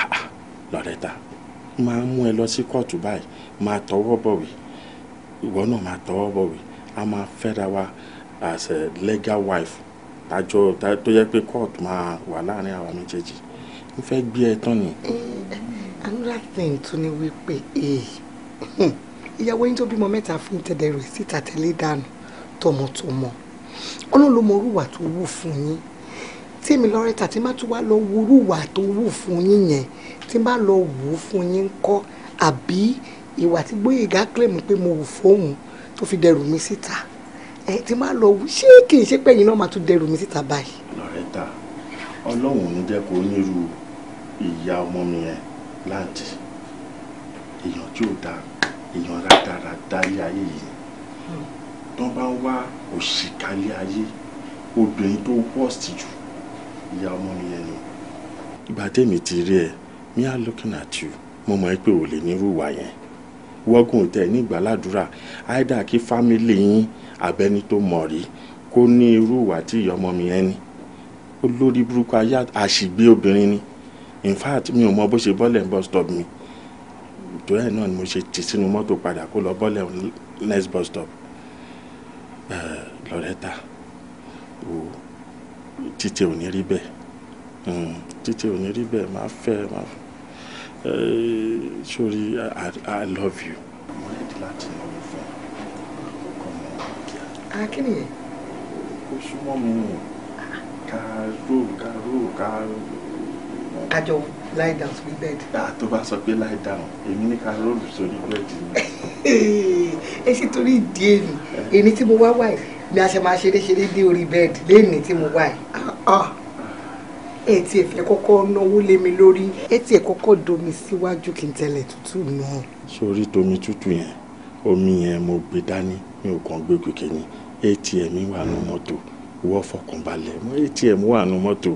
Speaker 2: Ah,
Speaker 4: ah, lọ́rẹ́ta máa mú ẹ lọ sí kóòtù báyìí máa tọwọ́ bọ̀wé ìwọ náà máa tọwọ́ bọ̀wé a máa fẹ́ra wa as a legal wife tájọ tó yẹ pé kóòtù máa wà láàrin àwa méjèèjì mo fẹ́ gbé ẹ tán ni.
Speaker 2: Eh, another thing tó ní wípé eh, ìyàwó yín tó bímọ mẹ́ta fún tẹ̀lé rẹ̀ síta tẹ̀lé dànù tọmọtọmọ ọlọ́run ló mọ orúwà tó wù fún yín tí èmi lọ rẹ́ta tí má tún wá lọ wo orúwà tó wù fún yín yẹn tí má lọ wù ú fún yín kọ́ àbí ìwà tí gbóyègá kílẹ̀mù pé mo wù fóun tó fi dẹrù mi síta ẹ tí má lọ wù ṣé kì í ṣe pé náà máa tún dẹrù mi síta báyìí.
Speaker 4: lọ́rẹ́ta ọlọ́run ò ní jẹ́ kó ní irú ìyá ọmọ mi yẹn láǹtì èèyàn tí ò da èèyàn rádaràda ilé ayé yìí hmm. tó bá wá òṣìkà ilé ayé obìnrin tó worst jù ìyá ọmọ mi yẹn ni. ìgbà tèmi ti rí ẹ mi á looking at you mo mọ̀ pé ò lè nírú ìwà yẹn wọ́gùn tẹ̀ ní ìgbàládùra áìdá kí fámìlì yín abẹ́ni tó mọ̀ rí kó ní irú ìwà tí ìyá ọmọ mi yẹn ni olórí burúkú ayé àṣìgbé obìnrin ni in fact mi ò mọ bó ṣe bọ́lẹ̀ ń bus stop mi torí ẹ̀ náà ni mo ṣe tì sínú mọ́tò padà kó lọ bọ́lẹ̀ next bus stop eh, lọ́rẹ́ta o títí ò ní rí bẹ́ẹ̀ hmm, títí ò ní rí bẹ́ẹ̀ máa fẹ́ máa fẹ́ eh, sórí i love you. mo rẹ̀ di láti lọ fún
Speaker 2: ọkọ mi ah, kíá. akínìyẹn.
Speaker 4: kó súnmọ́ mi ká róò kájọ lie down sórí bẹ́ẹ̀dì. tó bá sọ pé lie down èmi ní ká róòlù sórí bẹ́ẹ̀dì
Speaker 2: ni. ẹ sì torí ìdí èmi èmi tí mo wá wáyé ni a ṣe máa ṣeré ṣeré dé orí bẹ́ẹ̀dì lẹ́ni tí mo wáyé ah, ah. ẹ tiẹ̀ fẹ́ kọ́kọ́ náwó lé mi lórí ẹ tiẹ̀ kọ́kọ́ domi síwájú kí n tẹ̀lẹ̀ tútù náà.
Speaker 4: sórí tomi tútù yẹn omi yẹn mo gbé dání mi ò kàn gbé gòkè ni atm wà nù mọ́tò wọ́ fọkànbalẹ̀ mọ́ atm wà nù mọ́tò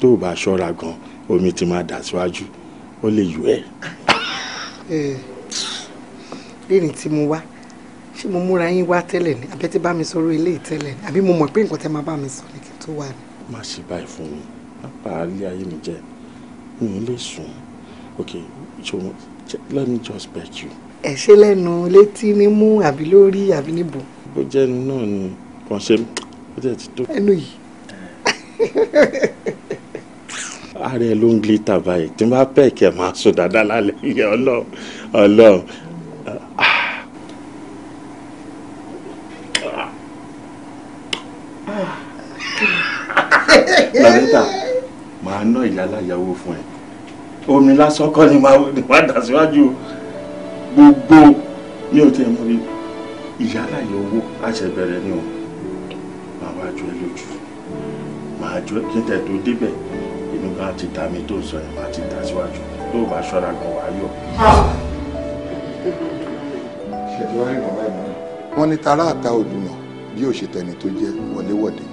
Speaker 4: tó o bá ṣọ́ra gan-an omi ti máa dà síwájú ó lè yù ẹ́.
Speaker 2: lẹ́yìn tí mo wá ṣé mo múra yín wá tẹ́lẹ̀ ni àbẹ́ tí bá mi sọ̀rọ̀ eléyìí tẹ́lẹ̀ ni àbí mo mọ̀ pé nǹkan tẹ́ máa bá mi sọ ni kí n tó wà ni.
Speaker 4: má ṣe báyìí fún mi má ayé mi jẹ mi ò lè sùn
Speaker 2: ok so let me just beg you. ẹ ṣe lẹ́nu létí nímú àbí lórí àbí níbo.
Speaker 4: bó jẹ́ ẹnu náà ni kàn ṣe ó dẹ̀ ti tó. ẹnu
Speaker 2: yìí.
Speaker 4: ààrẹ ló ń glita báyìí tí n bá pẹ́ẹ̀kì ẹ̀ máa sùn dáadáa lálẹ́ yẹ ọlọ́run ọlọ́run. lọ́nẹ́tà màá ná ìyálàyàwó fún ẹ omi lásán kọ́ ni màá dà síwájú gbogbo mi ò tiẹ̀ mọ̀ rí ìyálàyàwó àṣẹbẹ̀rẹ̀ ni o màá wá jọ ẹ lójú màá jọ kí n tẹ̀ tó débẹ̀ láti ta mi tó sọ yẹn máa ti tà síwájú
Speaker 1: tó bá ṣọ́ra gan wàá yọ. wọ́n ní tara àta òdùnà bí òṣètẹ́ni tó jẹ́ wọléwọ̀de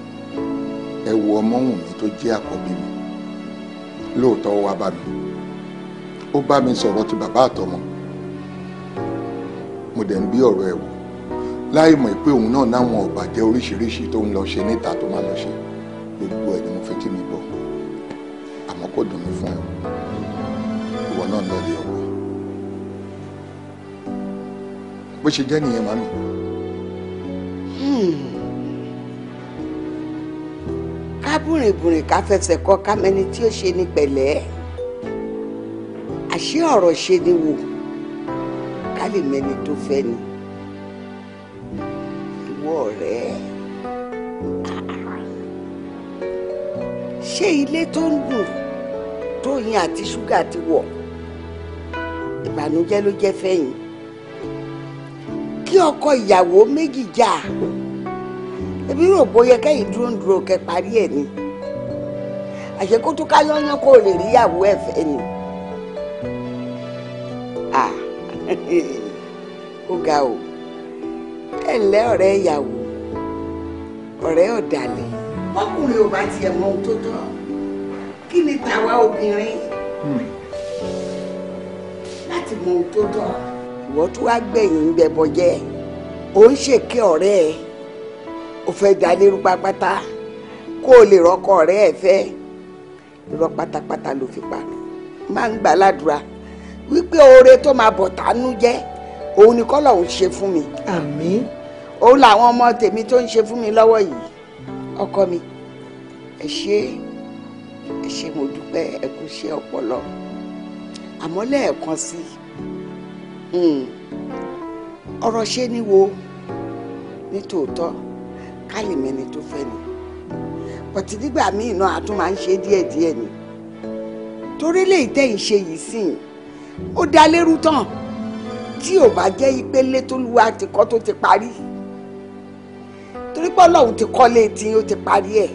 Speaker 1: ẹ wo ọmọwùnmí tó jẹ́ àkọ́bí mi lóòótọ́ ó wá bá mi ó bá mi sọ̀rọ̀ ti bàbá àtọmọ mo dẹ̀ ń bí ọ̀rọ̀ ẹ̀ wò láì mọ̀ pé òun náà náwọn ọ̀bàjẹ́ oríṣiríṣi tó ń lọ ṣe níta tó máa lọ ṣe. lọ́ọ́ lé ọkọ bó ṣe jẹ́ nìyẹn màmí.
Speaker 2: Hmm. ká bùrìnbùrìn ká fẹsẹ̀ kọ ká mẹni tí ó ṣe ní pẹ̀lẹ́ àṣé ọ̀rọ̀ ṣe ni wò ká lè mẹni tó fẹ́ ni ìwọ ọ̀rẹ́ ṣé ilé tó ń dùn tóyin àti ṣúgà ti wọ̀ ìbànújẹ́ ló jẹ́ fẹ́yìn kí ọkọ ìyàwó méjì já, ebi rò bóyá kẹ́yìn dúró ń dúró kẹ́ parí ẹ̀ ni àṣekótó ká yányán kó o lè rí ìyàwó ẹ̀ fẹ́ ni ó ga o ẹ ǹlẹ́ ọ̀rẹ́ ìyàwó ọ̀rẹ́ ọ̀dàlẹ̀ ọkùnrin ò bá tiẹ̀ mọ ohun tó tọ́ kí ni tàwa obìnrin. Hmm sì mọ ohun tó dùn ìwọ tó wá gbẹ̀yìn ń gbẹbọ jẹ ò ń ṣèké ọ̀rẹ́ ẹ ò fẹ́ dalérú pápátá kó o lè rọ́kọ ọ̀rẹ́ ẹ fẹ́ irọ́ pátápátá ló fi pa máa ń gbàládùra wípé oore tó máa bọ̀ tánú jẹ́ òun ni kọ́lọ̀ ń ṣe fún mi. àmín. òun làwọn ọmọ tèmi tó ń ṣe fún mi lọ́wọ́ yìí ọkọ mi ẹ ṣe ẹ ṣe mo dúpẹ́ ẹ kú ṣe ọpọlọ àmọ́ lẹ́ẹ̀kan sí i Hmm. ọ̀rọ̀ ṣe ni wo ní tòótọ́ ká lè mẹ́ni tó fẹ́ ni bọ̀tí nígbà míì náà a tún máa ń ṣe díẹ̀díẹ̀ ni torí lè tẹ̀yìn ṣe yìí sìn ó dá lérú tán tí ò bá jẹ́ ìpele tó lùwà ti kọ́ tó ti parí torí pé ọlọ́run ti kọ́ létí ó ti parí ẹ̀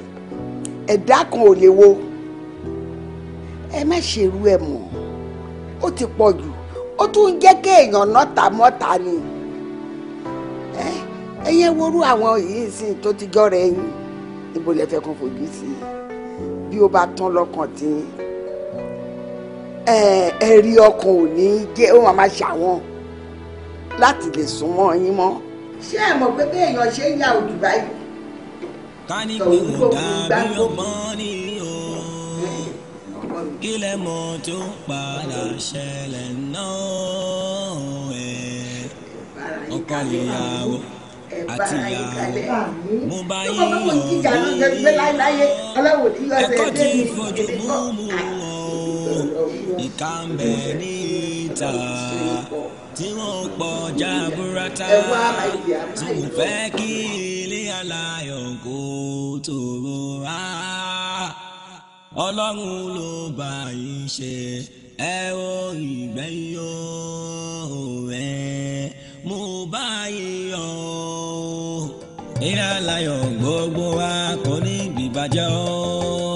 Speaker 2: ẹ̀dá kan ò lè wo ẹ má ṣerú ẹ mọ́ ó ti pọ̀ jù ó tún ń jẹ́ kéèyàn nọ́ta mọ́ta ni ẹyẹn worú àwọn yìí sìn tó ti jọrọ ẹyin níbo lẹ fẹ́ kó fojú sí bí ó bá tán lọ́kàn tí ẹ̀rí ọkàn ò ní jẹ́ ó máa máa ṣàwọn láti lè súnmọ́ yín mọ́. ṣé ẹ mọ̀ pé bí èèyàn ṣe ń ya òdùbá yìí. ká ní pé mo
Speaker 5: dàbí ọgbọ́n ní kílẹ̀ mọ́ tó padà ṣẹlẹ̀ náà ẹ̀ ọkọ ìyàwó àti ìyàwó mo bá yí ọ̀hún ẹ̀kọ́ tí fojú mú mú ọ̀hún ìka ń bẹ níta tí wọ́n pọ̀ jaburata tí mo fẹ́ kí ilé aláyọ̀ kó tòrò rárá ọlọ́run ló bá yín ṣe ẹ ó ìgbẹ́yìn o ẹ mo bá yín yọ o. ìlàlàyọ̀ gbogbo
Speaker 6: wa kò ní bìbàjẹ́ o.